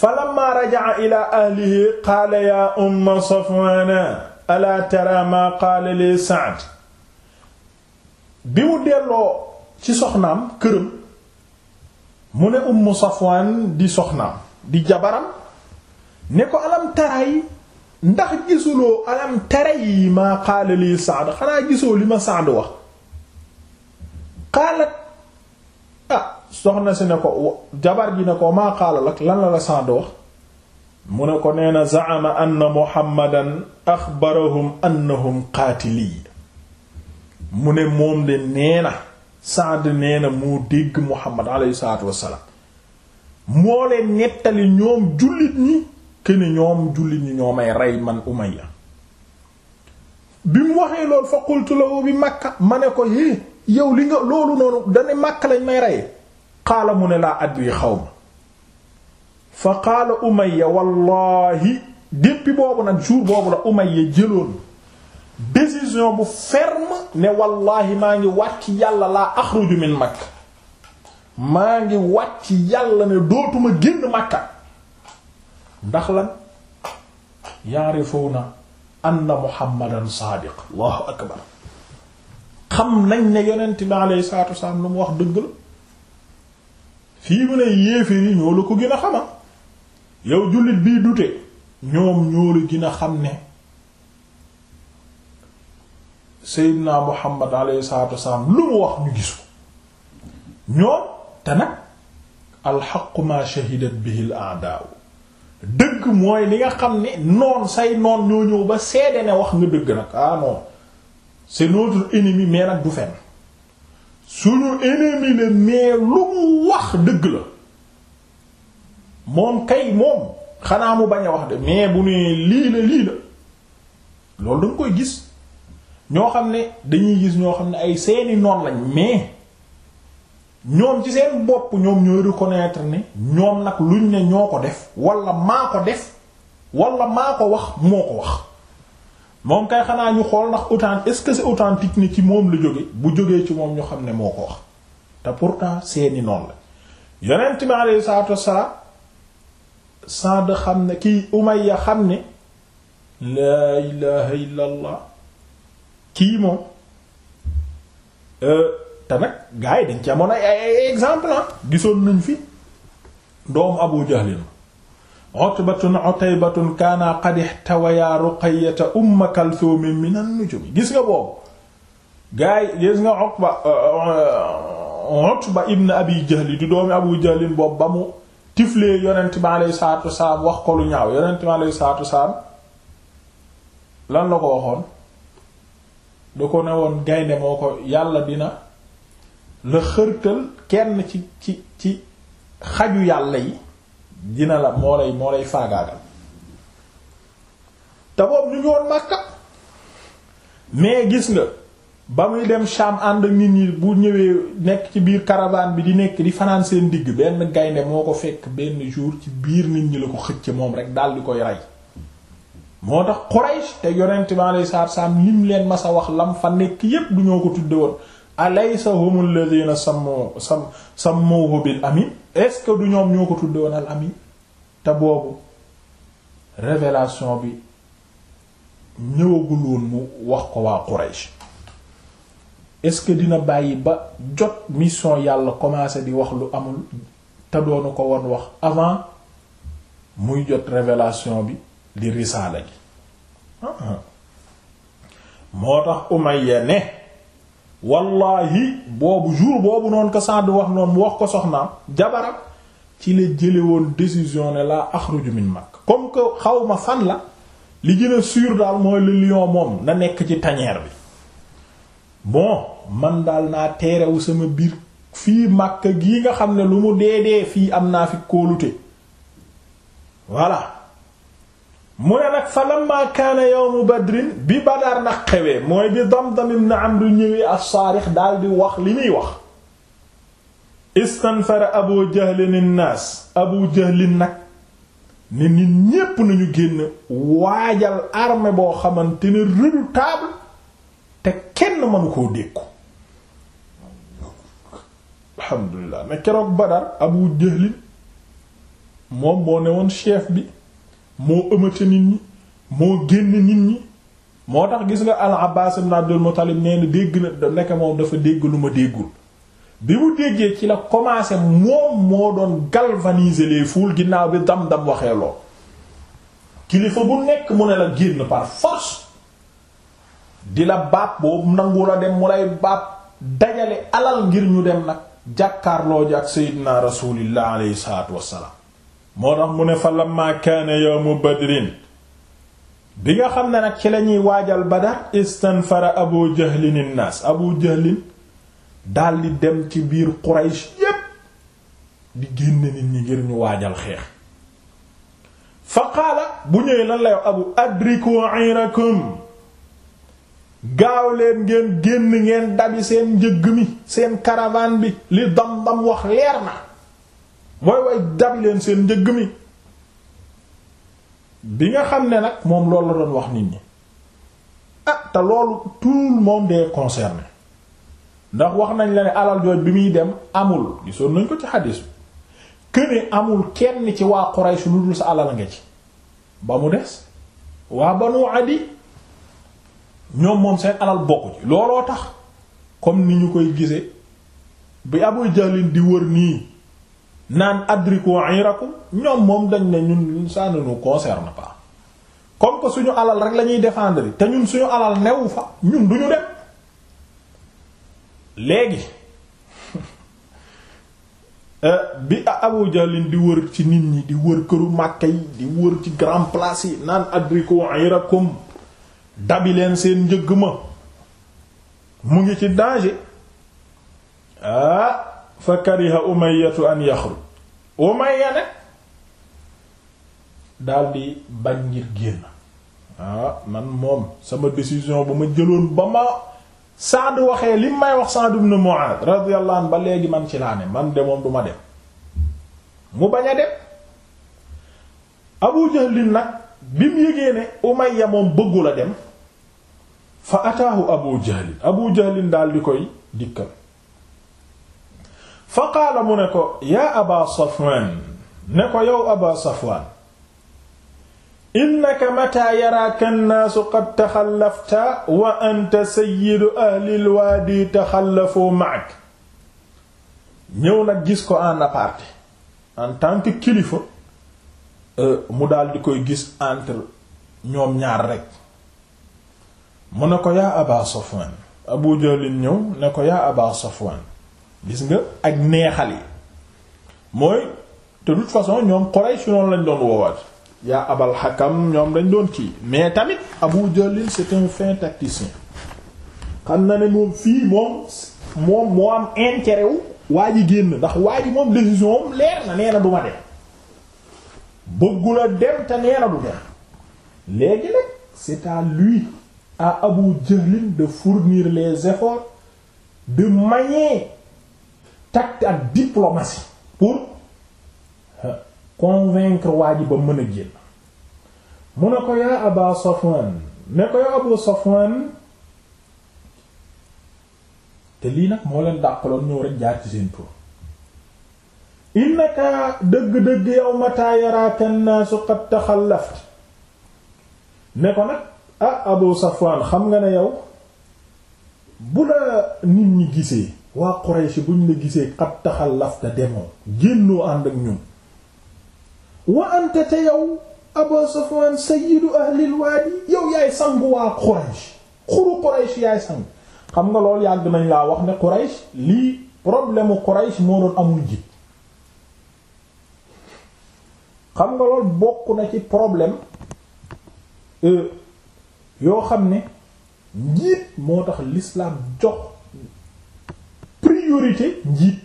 falamma raja'a ila ahlihi qaala ya umma Safwana ala tara ma qaala li Sa'd bi mu delloo ci soxnaam këram mu ne ummu Safwan di soxnaam di jabaram ne ko alam taray ndax gisuloo alam tara yi maa qaala xanaa gisoo li ma Saad wax qaalat ah soxna si ne ko jabar ji ne ko maa qaala lan la la wax mu ne ko nee na za'ama anna Muhammadan axbarahum annahum qaatili mu ne moom de nee na Saad nee na moo dégg Muhammad alayhi salaatu wassalaam moo leen nettali ñoom jullit ñi këni ñoom jullit ñi ñoo may rey man Umayya bi mu waxee loolu fa qultu lahu bi Makka ma ne ko hé yow li nga loolu noonu dane Makka lañ may rey xaala mu ne laa adri xaw ma fa qaala Umayya wallahi depuis boobu nag jour boobu la Umayya jëloon décision bu ferme ne wallahi maa ngi wàcc yàlla laa axruju min Makka maa ngi wàcc yàlla ne dootuma génn Makka ndax lan yaarifuuna anna muhammadan saadiq allahu akbar xam nañ ne yonent bi alayhi salaatu wasalaam lu mu wax dëgg la fii mu ne yéeféer yi ñoo la ko gën a xama yow jullit bii dute ñoom ñoo la gën a xam ne seydinaa muhammad alayhi salaatu wasalaam lu mu wax ñu gis ko ñoom te nag alxaqu ma shahidat bihi al dëgg mooy li nga xam ne noon say noon ñoo ñëw ba seede ne wax nga dëgg nag ah non c'est notre mais nag du fen suñu ennemi la mais lu mu wax dëgg la moom kay moom xanaa mu bañ a wax de mais bu ne lii la lii la loolu da koy gis ñoo xam ne dañuy gis ñoo xam ne ay seeni noon lañ mais ñoom ci seen bopp ñoom ñooy reconnaître ne ñoom nag luñ ne ñoo ko def walla maa ko def wala maa ko wax moo ko wax moom kay xanaa ñu xool ndax authentique est-ce que c'est authentique ni ci moom la jóge bu jógee ci moom ñu xam ne moo ko wax te pour temps seeni noon la yonent bi alayhi salaatu wassalaam Saad xam ne kii Umayya xam ne laa ilaha illa allah kii moom euh, te nag gars yi dañ ci amoon ay ay exemple ah gisoon nañ fi doomu Abu Jahlin Utbatun Utaybatun kaana qad ihtawayaa Ruqayyata Umma Kalthum minan nujum gis nga boobu gars gis nga Utba euh, euh, Utba ibn Abi Jahl di doomi Abu Jahlin boobu ba mu tiflee yonent bi alayhi salaatu wasalaam wax ko ñaaw yonent bi alayhi salaatu wasalaam lan la ko waxoon da ko ne woon gaynde moo ko yàlla dina la xërtal kenn ci ci ci xaju yàlla yi dina la moo lay moo lay faagaagal te boobu ñu ngi woon mais gis nga ba muy dem Sham ànd nit ñi bu ñëwee nekk ci biir caravane bi di nekk di fanaan seen digg benn gaynde moo ko fekk benn jour ci biir nit ñi la ko xëcc moom rek daal di koy rey moo tax Quraysh te yonent bi alayhi salaam lim leen masa wax lam fa nekk yépp du ñoo ko tudde woon alaysa hum alladhina sammu sammuhu bil amin est-ce que du ñoom ñoo ko tudde woon al amin te boobu révélation bi ñëwagul woon mu wax ko waa Quraysh est-ce que dina bàyyi ba jot mission yàlla commencé di wax lu amul te doonu ko woon wax avant muy jot révélation bi di risaala gi ah. moo tax Umayya ne wallaahi boobu jour boobu noonu ko Saad wax noonu mu wax ko soxnaam jabaram ci la jële woon décision ne laa axruju min Makka comme que xaw ma fan la li gën a sûr daal mooy le moom na nekk ci tanière bi bon man daal naa teerewu sama biir fii Makka gi nga xam ne lu mu dee dee fii am naa fi kóolute voilà mu ne nag fa lamma kaana yawmu badrin bi badar nag xewee mooy bi Damdam ibn Amr ñëwee as-Saarix di wax li muy wax istanfara Abu Jahlin naas Abu Jahlin nag ne nit ñépp nañu génn waajal armée boo xamante ne redoutable te kenn mënu koo dékku alhamdulilah mais keroog Badar Abu Jahlin moom moo ne woon chef bi moo ëmmate nit ñi moo génn nit ñi moo tax gis nga al Abbaas ibn Abdul Muttalib nee dégg na nekk moom dafa dégg lu ma déggul bi mu déggee ci la commencé moom moo doon galvaniser les fuul ginnaaw bi dam-dam waxee lool kilifa bu nekk mu ne la génn par force di la baab boobu nangu la dem mu lay baab dajale alal ngir ñu dem nag jàkkaarloo ji ak Seydina Rasulillah aleyhi salaatu wassalaam moo tax mu ne fa lamma kaana yawmu badrin bi nga xam ne nag ci lañuy waajal badar istanfara abu jahlin innaas abu jahlin daldi dem ci biir quraysh yépp di génn nit ñi ngir ñu waajal xeex fa qaala bu ñëwee lan la yow abu adriku ayrakum gaaw leen ngeen génn ngeen dabi seen njëgg mi seen caravane bi li dam wax leer na mooy way dabi leen seen njëgg mi bi nga xam ne nag moom loolu la doon wax nit ñi ah te loolu tout moom de est ndax wax nañ la ne alal jooj bi muy dem amul gisoon nañ ko ci xadis bi këne amul kenn ci waa Quraysh lu dul sa alal nga ci ba mu des waa Banu Adi ñoom moom seen alal bokku ci looloo tax comme ni ñu koy gisee bi Abu Jahlin di wër nii naan adriku irakum ñoom moom dañ ne ñun ça ne nous concerne comme que suñu alal rek la ñuy défendre te ñun suñu alal newu fa ñun duñu dem léegi euh, bi Abu Jahl di wër ci nit ñi di wër këru Makka yi di wër ci grand place yi naan adriku irakum dabi leen seen njëgg ma mu ngi ci danger ah fa kariha umayyatu an yaxruj umayya nag daldi bañ ngir génn ah man moom sama décision bu ma jëloon ba ma Saad waxee li may wax Saad ibn Mu'adh radiyallahu anhu ba léegi man ci laa ne man demoom moom ma dem mu bañ a dem Abu Jahl nag bi mu yëgee ne Umayya moom bëggul a dem fa ataahu Abu Jahl Abu Jahl daal koy dikkal fa qaala mu ne ko yaa aba safwaan ne ko yow aba safwaan innaka mata yaraaka annaasu qad taxallafta wa anta sayyidu ahlil waadi taxallafuu ma'ak ñëw nag gis ko en aparté en tant kilifa euh, mu daal di koy gis entre ñoom ñaar rekk mu ne ko yaa aba safwaan abu jahlin ñëw ne ko yaa aba safwaan gis nga ak neexal yi mooy te toute façon ñoom Quraysh noonu lañ doon woowaat yaa abal xakam ñoom dañ doon kii mais tamit Abu Jalil c'est un fin tacticien xam na ne moom fii moom moom moo am intérêt wu waa ji génn ndax waa ji moom décision moom leer na nee na du ma dem bëggu la dem te nee na du léegi nag c'est à lui à Abu Jalil de fournir les efforts de manière tact ak diplomatie pour euh, convaincre waa ji ba mën a génn mu ne ko yaa Aba Safwan ne ko yaa Abu Safwan te lii nag moo leen dàqaloon ñëw rek jaar ci seen tur innaka dëgg-dëgg yow mata yaraaka an-naasu qad taxallaft ne ko nag ah Abu Safwan xam nga ne yow bu la nit ñi gisee waa bu buñ la gisee xat taxal lafta demoo génnoo ànd ak ñun wa anta te yow Abu Safwan sayyidu ahlil waadi yow yaay sangu waa Quraysh xuru Quraysh yaay sangu xam nga lool yàgg nañ laa wax ne Quraysh lii problème u Quraysh moo doon amul jib xam nga loolu bokk na ci problème euh, yoo xam ne njiit moo tax l'islam jox priorité njiit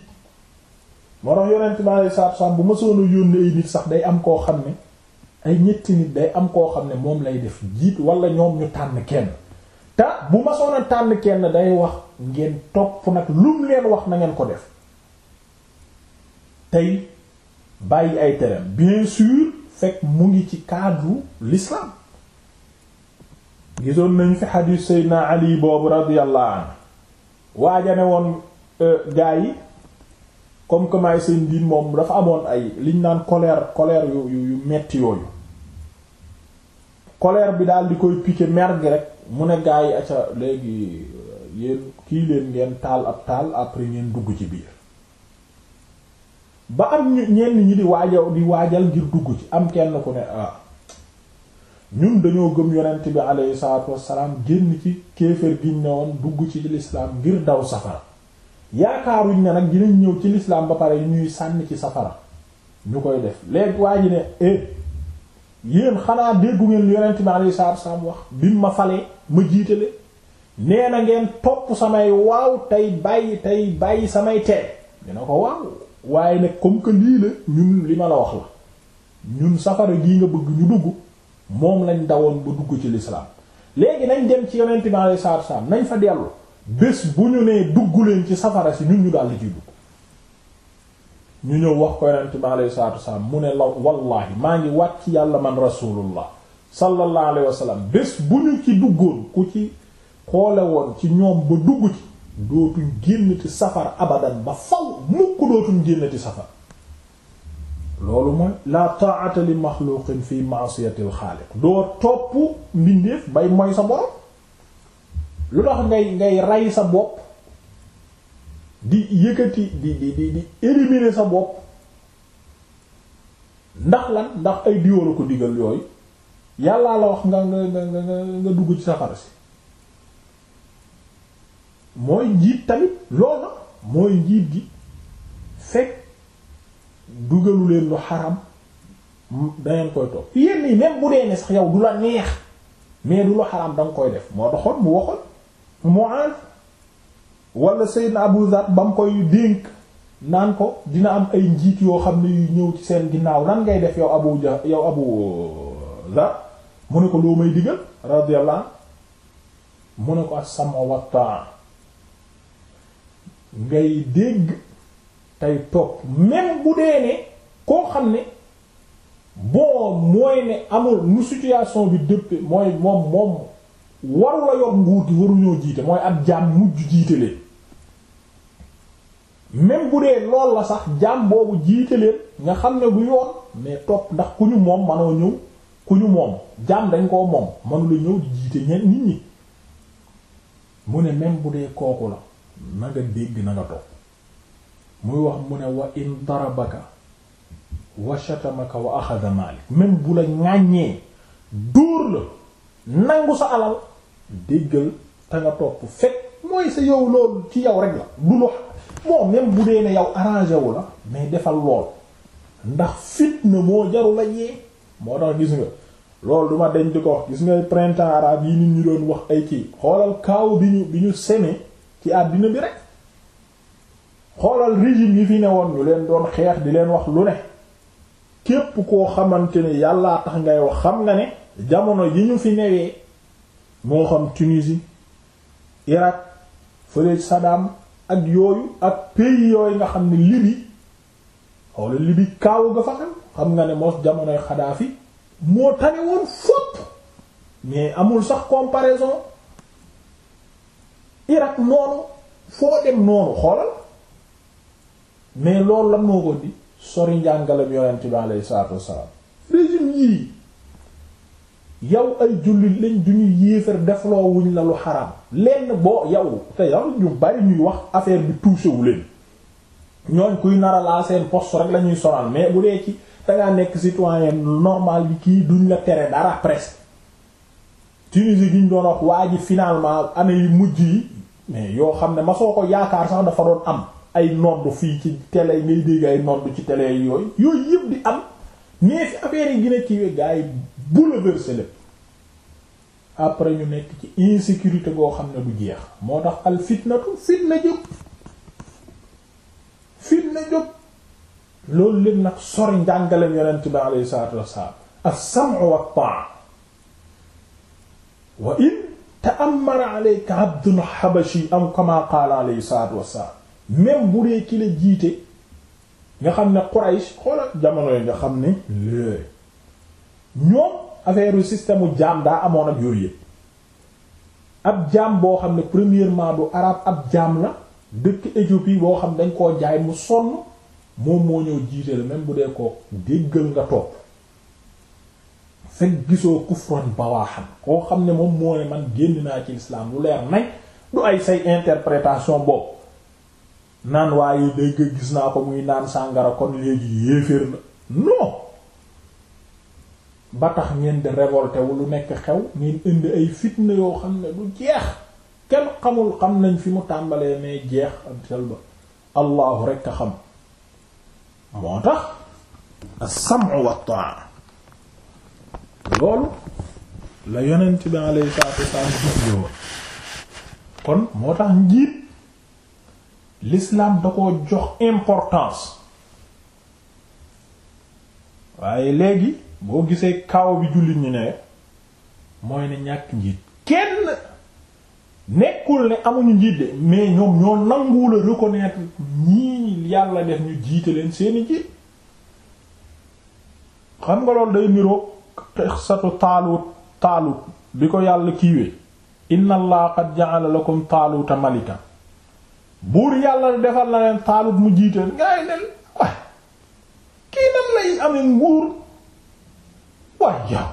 moo tax yonent bi alei satu salaam bu mësoon a yónni ay nit sax day am koo xam ne ay ñetti nit day am koo xam ne moom lay def njiit wala ñoom ñu tànn kenn te bu mësoon a tànn kenn day wax ngeen topp nag lum leen wax na ngeen ko def tey bàyyi ay terrain bien sûr fekk mu ngi ci cadre l'islam gisoon nañ fi xadiis Seydina Ali boobu radiyallahu anhu waajane woon Euh, gaa yi comme que maay seen diin moom dafa amoon ay liñ naan colère colère yu yu metti yooyu colère bi daal di koy picc mer gi rek mu ne gaa yi acca léegi euh, yéen kii leen ngeen taal ab taal après ngeen dugg ci biir ba am ñenn ñi di waajal di waajal ngir dugg ci am kenn ku ne ah, ñun dañoo gëm yonent bi aleyhi salaatu wassalaam génn ci kéefër gi ñu dugg ci lislaam ngir daw safara yaakaaruñ ne nag dinañ ñëw ci lislaam ba pare ñuy sànni ci safara ñu koy def léegi waa ji ne eh yéen xanaa déggu ngeen yonent bi alayhi salaatu wasallam wax bi ma falee ma jiitale nee na ngeen topp samay waaw tey bàyyi tey bàyyi samay tee dina ko waaw waaye ne comme que lii la ñun li ma la wax la ñun safara gii nga bëgg ñu dugg moom lañ dawoon bu dugg ci lislaam léegi nañ dem ci yonent bi alayhi salaatu nañ fa dellu bés bu ñu nee dugg leen ci safara si ñun ñu daal di ciy dugg ñu ñëw wax ko yonent bi alayhi salaatu wasalaam mu ne la wallahi maa ngi wàcc yàlla man rasulullah sallallahu alayhi wasallam bés bu ñu ci duggoon ku ci xoole woon ci ñoom ba dugg ci dootuñ génnati safara abadan ba faw mukk dootuñ génnati safara loolu mooy la ta'ata li maxluqin fi ma'siyati al xaaliq doo topp mbindeef bay mooy sa borom lu tax ngay ngay rey sa bopp di yëkkati di di di di éliminer sa bopp ndax lan ndax ay diwoo la ko digal yooyu yàllaa la wax nga nga nga nga dugg ci safara si mooy njiit tamit lool na mooy njiit gi fekk dugalu leen lu xaram dangeen koy topp yenn yi même bu dee ne sax yow du la neex mais du lu xaram danga koy def moo taxoon mu waxoon Mu'aaz wala Seydina Abu Zar ba koy dénk naan ko dina am ay njiit yoo xam ne yu ñëw seen ginnaaw nan ngay def yow Abu Jah yow Abu Zar mu ne ko loo may digal radiyallahu mu ne ko as-sam'u wat ngay dégg tey topp même bu dee ne koo xam ne bon mooy ne amul nu situation bi dëpp mooy moom moom waru la yor nguur gi waruñoo jiite mooy ab jaam mujj jiite leen même bu dee lool la sax jaam boobu jiite leen nga xam ne bu yoon mais topp ndax ku ñu moom manoo ñëw ku ñu moom jaam dañ koo moom manula ñëw di jiite ñen nit ñi mu ne même bu dee kooku la na nga dégg na topp muy wax mu ne wa in darabaka wa shatamaka wa axada malik bu la ŋàññee dóor la nangu sa alal déggal ta nga topp fekk mooy sa yow loolu ci yow rek la du lox moom même bu dee ne yow arrangé wu la mais defal lool ndax fitna moo jaru la yee moo tax gis nga loolu duma deñ ko gis ngay printemps arabe yi nit ñu doon wax ay ci xoolal kaaw bi ñu bi ci àddina bi rek xoolal régime yi fi ne woon ñu leen doon xeex di leen wax lu ne képp koo xamante ne yàllaa tax ngay wax xam nga ne jamono yi ñu fi newee moo xam Tunisie Irak fële Saddam ak yooyu ak pays yooyu nga xam ne Libye xoola libi kaawu ga xam nga ne moo jamonoy Kadhafi moo tane woon fopp mais amul sax comparaison Irak noonu foo dem noonu xoolal mais loolu lan moo ko di sori njàngalam yonent bi alayhi salaatu wassalaam régime yii yow ay jullit lañ du ñu yéefar defloo wuñ la lu xaraam lenn boo yow te yow ñu bari ñuy wax affaire bi touché wu leen ñooñ kuy nara seen poste rek lañuy ñuy mais bu dee ci dangaa nekk citoyen normal bi kii duñ la tere dara presque Tunisie gi ñu doon wax waa ji finalement année yu mujj yi mais yoo xam ne ma soo ko yaakaar sax dafa doon am ay nodd fii ci télé ngay dégg ay nodd ci télé yooyu yooyu yëpp di am mais fi affaire yi gën a kiiwe gars yi bouleversé lépp après ñu nekk ci insécurité goo xam ne bu jeex moo tax al fitnatu fitna jóg fitna jóg loolu lépp nag sori njàngaleem yonent bi alayhi salaatu wassalaam as-sam'u wa ta'a wa in ta'ammara alayka abdun habashi am kama qaala alayhi salaatu wassalaam même bu dee ki jiite nga xam ne Quraysh xoolal jamono yi nga xam ne ñoom affaire système u jaam daa amoon ak yooyu yëpp ab jaam boo xam ne premièrement du arab ab jaam la dëkk Éthiopie boo xam dañ koo jaay mu sonn moom moo ñëw jiite la même bu dee ko déggal nga topp fekk gisoo kufran bawaaxan koo xam ne moom moo ne man génn naa ci lislaam lu leer nañ du ay say interprétation boobu naan waaye dégg gis naa ko muy naan sàngara kon léegi yéeféer la non ba tax ngeen di révolté wu lu nekk xew ngeen indi ay fitna yoo xam ne du jeex kenn xamul xam nañ fi mu tàmbalee mais jeex ak sel ba allahu rekk a xam moo tax as-sam'u wa loolu la yonent bi alayhi salaatu wassalaam jublu woon moo tax njiit l'islam da ko jox importance waaye léegi boo gisee kaw bi jullit ñi ne mooy ne ñàkk njiit kenn nekkul ne amuñu njiit de mais ñoom ñoo nanguwul a reconnaître ñii yàlla def ñu jiite leen seeni njiit xam nga loolu day niroo xisatu taalut taalut bi ko yàlla kiiwee inna allah qad ja'ala lakum taaluta malika buur yàlla defal na leen taalut mu jiite leen ngay leen kii nan lay amee nguur waay yow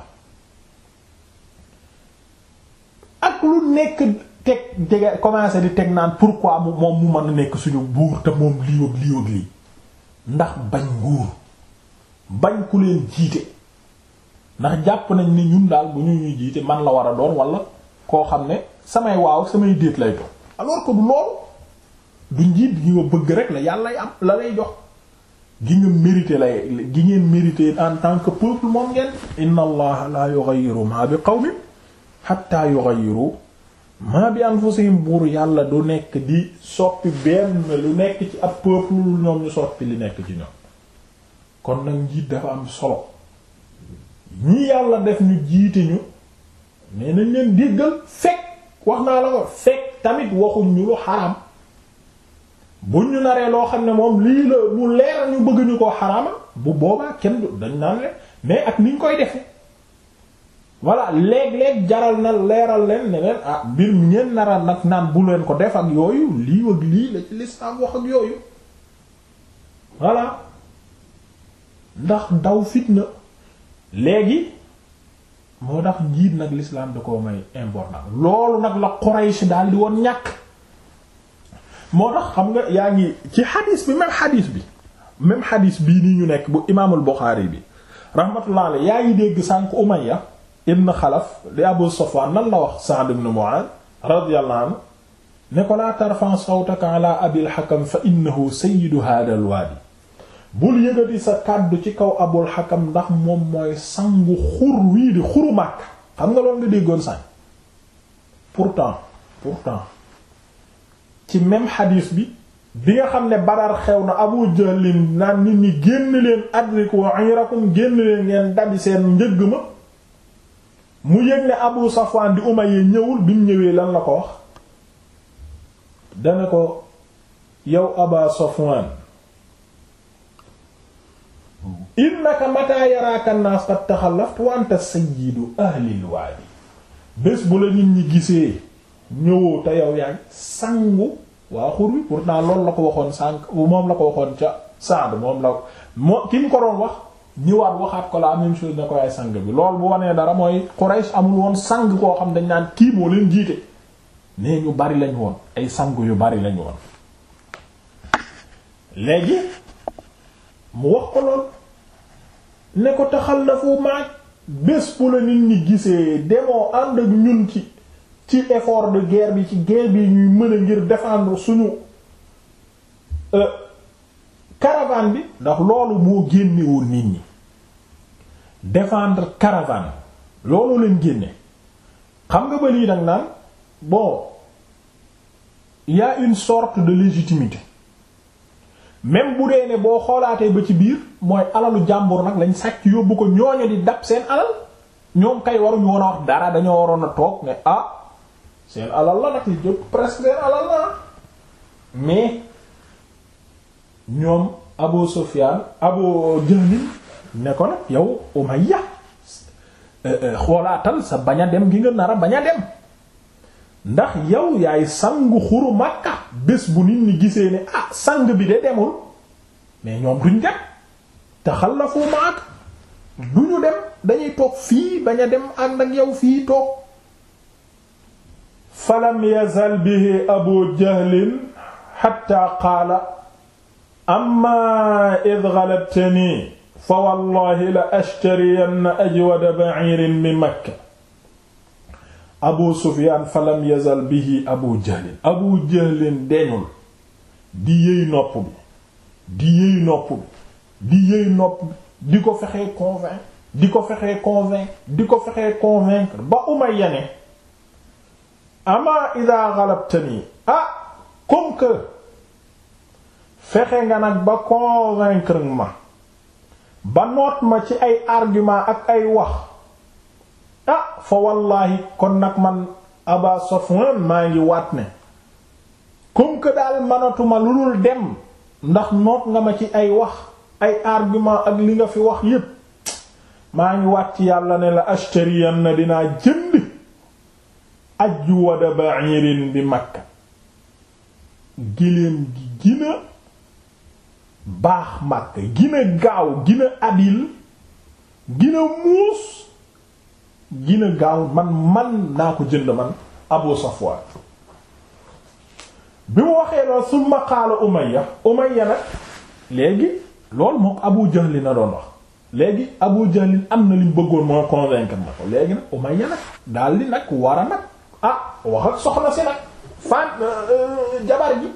ak lu nekk teg jege commencé di teg naan pour pourquoi moom mu mën a nekk suñu buur te moom lii ak lii ndax bañ nguur bañ ku leen jiite ndax jàpp nañ ni ñun daal bu ñu ñuy jiite man la war a doon wala koo xam ne samay waaw samay déet lay doon alors que du loolu du njiit gi nga bëgg rek la yàlla am la lay jox gi nga mérité lay gi ngeen mérité en tant que peuple moom ngeen inna la yughayyiru ma bi qawmin hatta yughayyiru ma bi anfusihim buur yàlla du nekk di soppi benn lu nekk ci ab peuple lu ñoom ñu soppi li nekk ci ñoom kon nag njiit dafa am solo ñi yàlla def ñu jiite ñu nee nañ leen déggal fekk wax naa la ko fekk tamit waxuñ ñu lu xaram buñ ñu naree loo xam ne moom lii la mu leer ñu bëgg ñu koo xaraama bu boobaa kenn du dañ naan leen mais ak niñ koy defe voilà léeg-léeg jaral na leeral leen ne leen ah mbir mi ñeen naral nag naan bu leen ko def ak yooyu lii ak lii la ci lislaam wax ak yooyu voilà ndax daw fitna léegi moo tax njiit nag lislaam da ko may important loolu nag la Quraysh daal di woon ñàkk moo tax xam nga yaa ngi ci xadis bi même xadis bi même xadis bii nii ñu nekk bu imaamul Buxaari bi rahmatullah alayhi yaa ngi dégg sànq Umayya ibn Xalaf di Abu Safwan nan la wax Sa'd ibn Mu'adh radiyallahu anhu ne ko laa tarfa sawtaka ala Abil Hakam fa innahu sayyidu hadha al bul yëgati sa kàddu ci kaw Abul Hakam ndax moom mooy sangu xur wii di xuru Makka xam nga loolu nga déggoon sànq pourtant pourtant ci même xadiis bi bi nga xam ne badar xew na abu jahlin naan nit ñi génn leen adrik wa irakum génn leen ngeen dabi seen njëgg ma mu yëg ne abu safwaan di umayya ñëwul bi ñëwee lan la ko wax dana ko yow aba safwaan innaka mata yaraka naas qad taxallaftu wa anta sayyidu ahlil waadi bés bu la nit ñi gisee ñëwoo te yow yaa sangu waa xur pour pourtant loolu la ko waxoon sànq moom la ko waxoon ca Saad moom la moo ki mu ko doon wax ñëwaat waxaat ko la même chose ne ko yaay sang bi loolu bu wanee dara mooy Quraysh amul woon sang koo xam dañ naan kii moo leen jiite nee ñu bari lañ woon ay sang yu bari lañ woon léegi mu wax ko lool ne ko taxallafu maaj bés bu la nit ñi gisee demoo ànd ak ñun ci ci effort de guerre bi ci guerre bi ñuy mën ngir défendre suñu euh, caravane bi ndax loolu moo génne woon nit ñi défendre caravane loolu leen génne xam nga ba lii nag naan bon y une sorte de légitimité même bu dee ne boo xoolaatee ba ci biir mooy alalu jàmbur nag lañ sàcc yóbbu ko ñooñu di dab seen alal ñoom kay waruñu woon a wax dara dañoo waroon a toog ne a ah, seen alal la nag li jëpp presque seen alal la mais ñoom Abu Sufyan Abu Jahl ne ko nag yow Umayya xoolaatal sa bañ a dem gi nga nar a bañ a dem ndax yow yaay sangu xuru bés bu nit ñi gisee ni ah sang bi de demul mais ñoom duñ dem taxallafu maak duñu dem dañuy toog fii bañ a dem ànd ak yow fii toog falam yazal bihi abu jahlin xatta qaala amma id galabtani fa wallahi la ashtariyanna ajwada ba'irin bi makka abu sufyaan falam yazal bihi abu jahlin abu jahlin deñul di yëy nopp bi di yëy nopp bi di yëy nopp bi di ko fexee convaincre di ko fexee convaincre di ko fexee convaincre ba uma yane ama ida ghalabtani ah comme que fexe nga nag ba convaincre ma ba noot ma ci ay argument ak ay wax a ah, fa wallaahi kon nag ma Aba Safwan maa ngi waat ne comme que daal manatuma lu dul dem ndax noot nga ma ci ay wax ay argument ak li nga fi wax yépp maa ngi waat ci yàlla ne la ashtariyan na dinaa jënd ajwada ba'irin bi Makka giléem gi gina baax Makka gina gaaw gina adil gina muus gina gaaw man man naa ko jënd man Abu Safwan bi mu waxee lool summa qaala Umayya Umayya nag léegi loolu moom Abu Jahl na doon wax léegi Abu Jahl am na li bëggoon moo convaincre na ko léegi nag Umayya nag daldi nag war a nag ah wax ak si nag fan euh, euh, jabar ji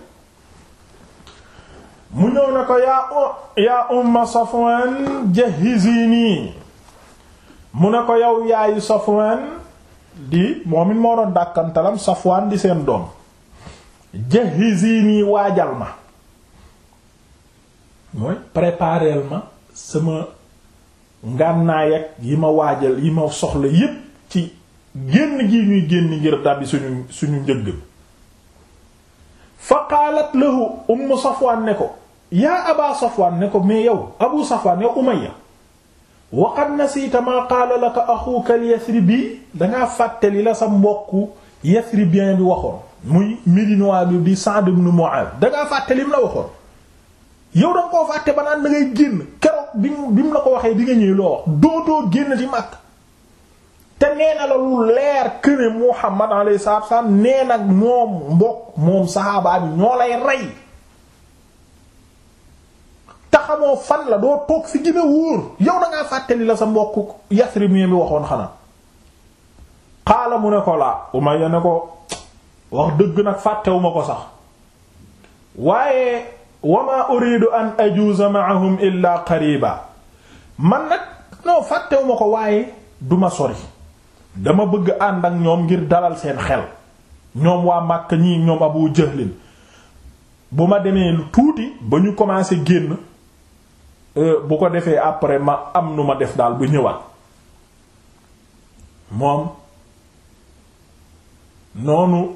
mu ñëw ne ko yaa yaa umma Safwan jahizini mu ne ko yow yaay Safwan di moom it moo doon dàkkantalam Safwan di seen doom jahizini waajal ma mooy prépareel ma sama ngànnaay ak yi ma waajal yi ma soxla yépp génn gi ñuy génn ngir tàbbi suñu suñu njëgg fa qaalat lahu ummu safwaan ne ko yaa aba safwaan ne ko mais yow abu safwaan yow umayya wa qad nasiita maa qaala laka axuka al-yasribi la sa mbokku yasribien bi waxoon muy médinois bi di Sa'd ibn Mu'adh dangaa fàtte la waxoon yow danga koo fàtte ba naan génn keroog bi mu la ko waxee di nga ñëw loo wax dootoo génn di Makka te nee na la lu leer këne Muhammad alayhi salaatu wa nee na moom mbokk moom saxaaba bi ñoo lay rey te fan la doo toog fi gën wóor yow da ngaa fàttali la sa mbokk Yasrib mi waxoon xanaa xaala mu ne ko laa Umayya ne ko wax dëgg nag fàttewuma ko sax waaye wa ma uridu an ajuza ma'ahum illa qariba man nag non fàttewuma ko waaye duma sori dama bëgg ànd ak ñoom ngir dalal seen xel ñoom waa Màkka ñi ñoom Abu Jahlin bu ma demee tuuti ba ñu commencé génn euh, bu ko defee après ma am nu ma def daal bu ñëwaat moom noonu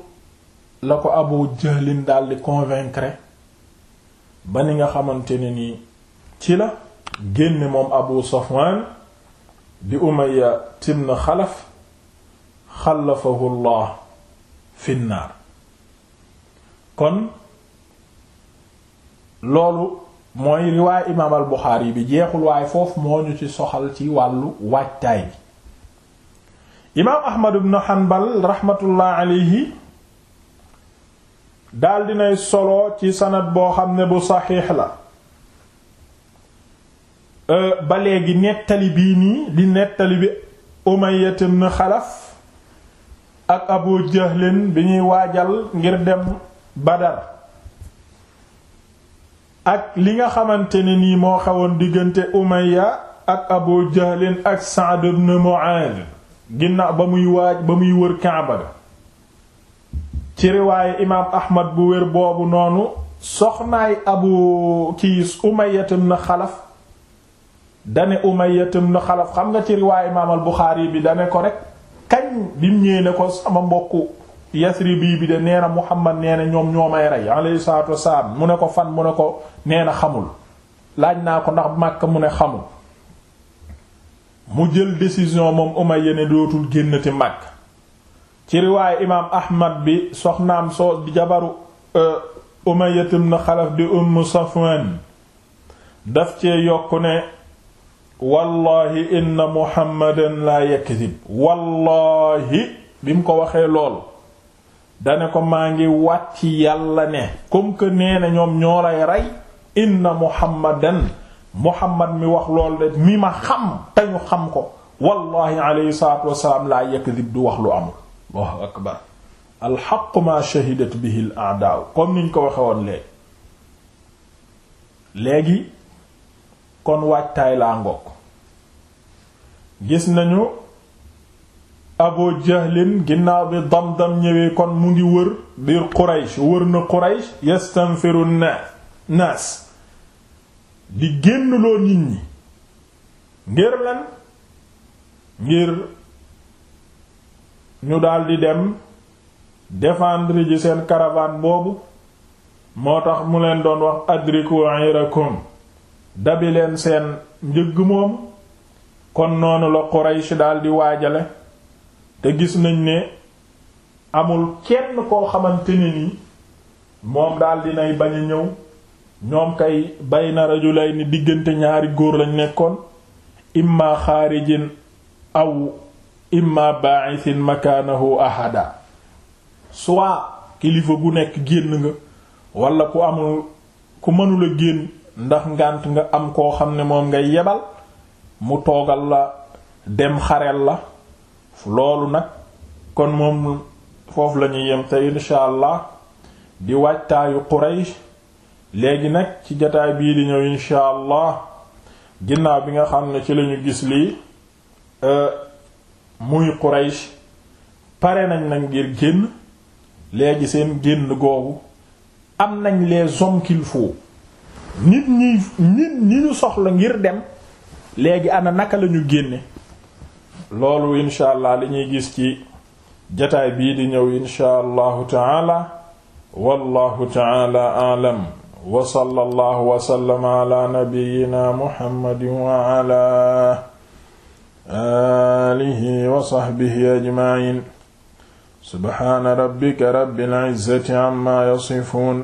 la ko Abu Jahlin daal di convaincre ba ni nga xamante ne ni ci la génn moom Abu Safwan di Umayya na Xalaf xalafahu llah kon loolu mooy riwaay imaam Buxaari bi jeexul waaye foofu moo ñu ci soxal ci wàllu waajtaay bi imaam Ahmad ibn Hanbal rahmatullah alayhi daal dinay solo ci sanad boo xam ne bu saxiix la euh, ba léegi nettali bii nii di nettali bi Umayya Xalaf ak abu jahlin bi ñuy waajal ngir dem badar ak li nga xamante ne nii moo xewoon diggante umayya ak abu jahlin ak sa'd ibn mu'adh ginnaaw ba muy waaj ba muy wër kaaba ga ci riwaaye imaam ahmad bu wér boobu noonu soxnaay abu kiis umayya ibn xalaf dane umayya ibn xalaf xam nga ci riwaaye imaam al buxaari bi dane ko rek kañ bi mu ñëwee ne ko sama mbokk yasri bii bi de nee na Muhammad nee na ñoom ñoo may rey alayhi salaatu mu ne ko fan mu ne ko nee na xamul laaj naa ko ndax Makka mu ne xamul mu jël décision moom Umayya ne dootul génnati Makka ci riwaaye imaam Ahmad bi soxnaam soo di jabaru euh, Umayya ibn Xalaf di Umm Safwan daf cee yokk ne wallahi inna muhammadan laa yakdib wallahi bi mu ko waxee lool dane ko maa ngi wàcc yàlla ne comme que nee na ñoom ñoo lay rey inna muhammadan muhammad mi wax lool de mi ma xam te ñu xam ko wallahi alayhi salaatu wasalaam laa yakdib du wax lu amul allahu akbar alxaqu ma shahidat bihi al a'daa comme niñ ko waxe woon léegi léegi kon waajtaay laa ngokk gis nañu Abu Jahlin ginnaaw bi Damdam ñëwee kon mu ngi wër biir Quraysh wër na Quraysh yastanfiru naas di génn loo nit ñi ngir lan ngir ñu daldi dem défendre seen caravane boobu moo tax mu leen doon wax adriku irakum dabi seen njëgg moom kon noonu la Quraysh daldi waajale te gis nañ ne amul kenn koo xamante ne ni moom daldi nay bañ a ñëw ñoom kay bayna rajulayn diggante ñaari góor lañ nekkoon imma xaarijin aw imma ba'ithin makaanahu ahada soit kilifa gu nekk génn nga walla ku amul ku mënula génn ndax ngànt nga am koo xam ne moom nga yebal mu toogal la dem xareel la loolu nag kon moom foofu la ñuy yem te insha allah di waajtaayu Quraysh léegi nag ci jataay bii di ñëw insha ginnaaw bi nga xam ne ci lañu gis lii euh, muy Quraysh pare nañ nag ngir génn léegi seen génn googu am nañ lee hommes qu'il nit ñi nit ñi ñu soxla ngir dem léegi ana naka lañu génne loolu insha allah li ñuy gis ci jataay bii di ñëw insha allahu taala wallahu taala alam wa sallallahu wa sallama ala nabiyyina muhammadin wa ala alihi wa sahbihi ajma'in subhana rabbika rabbil izzati amma yasifun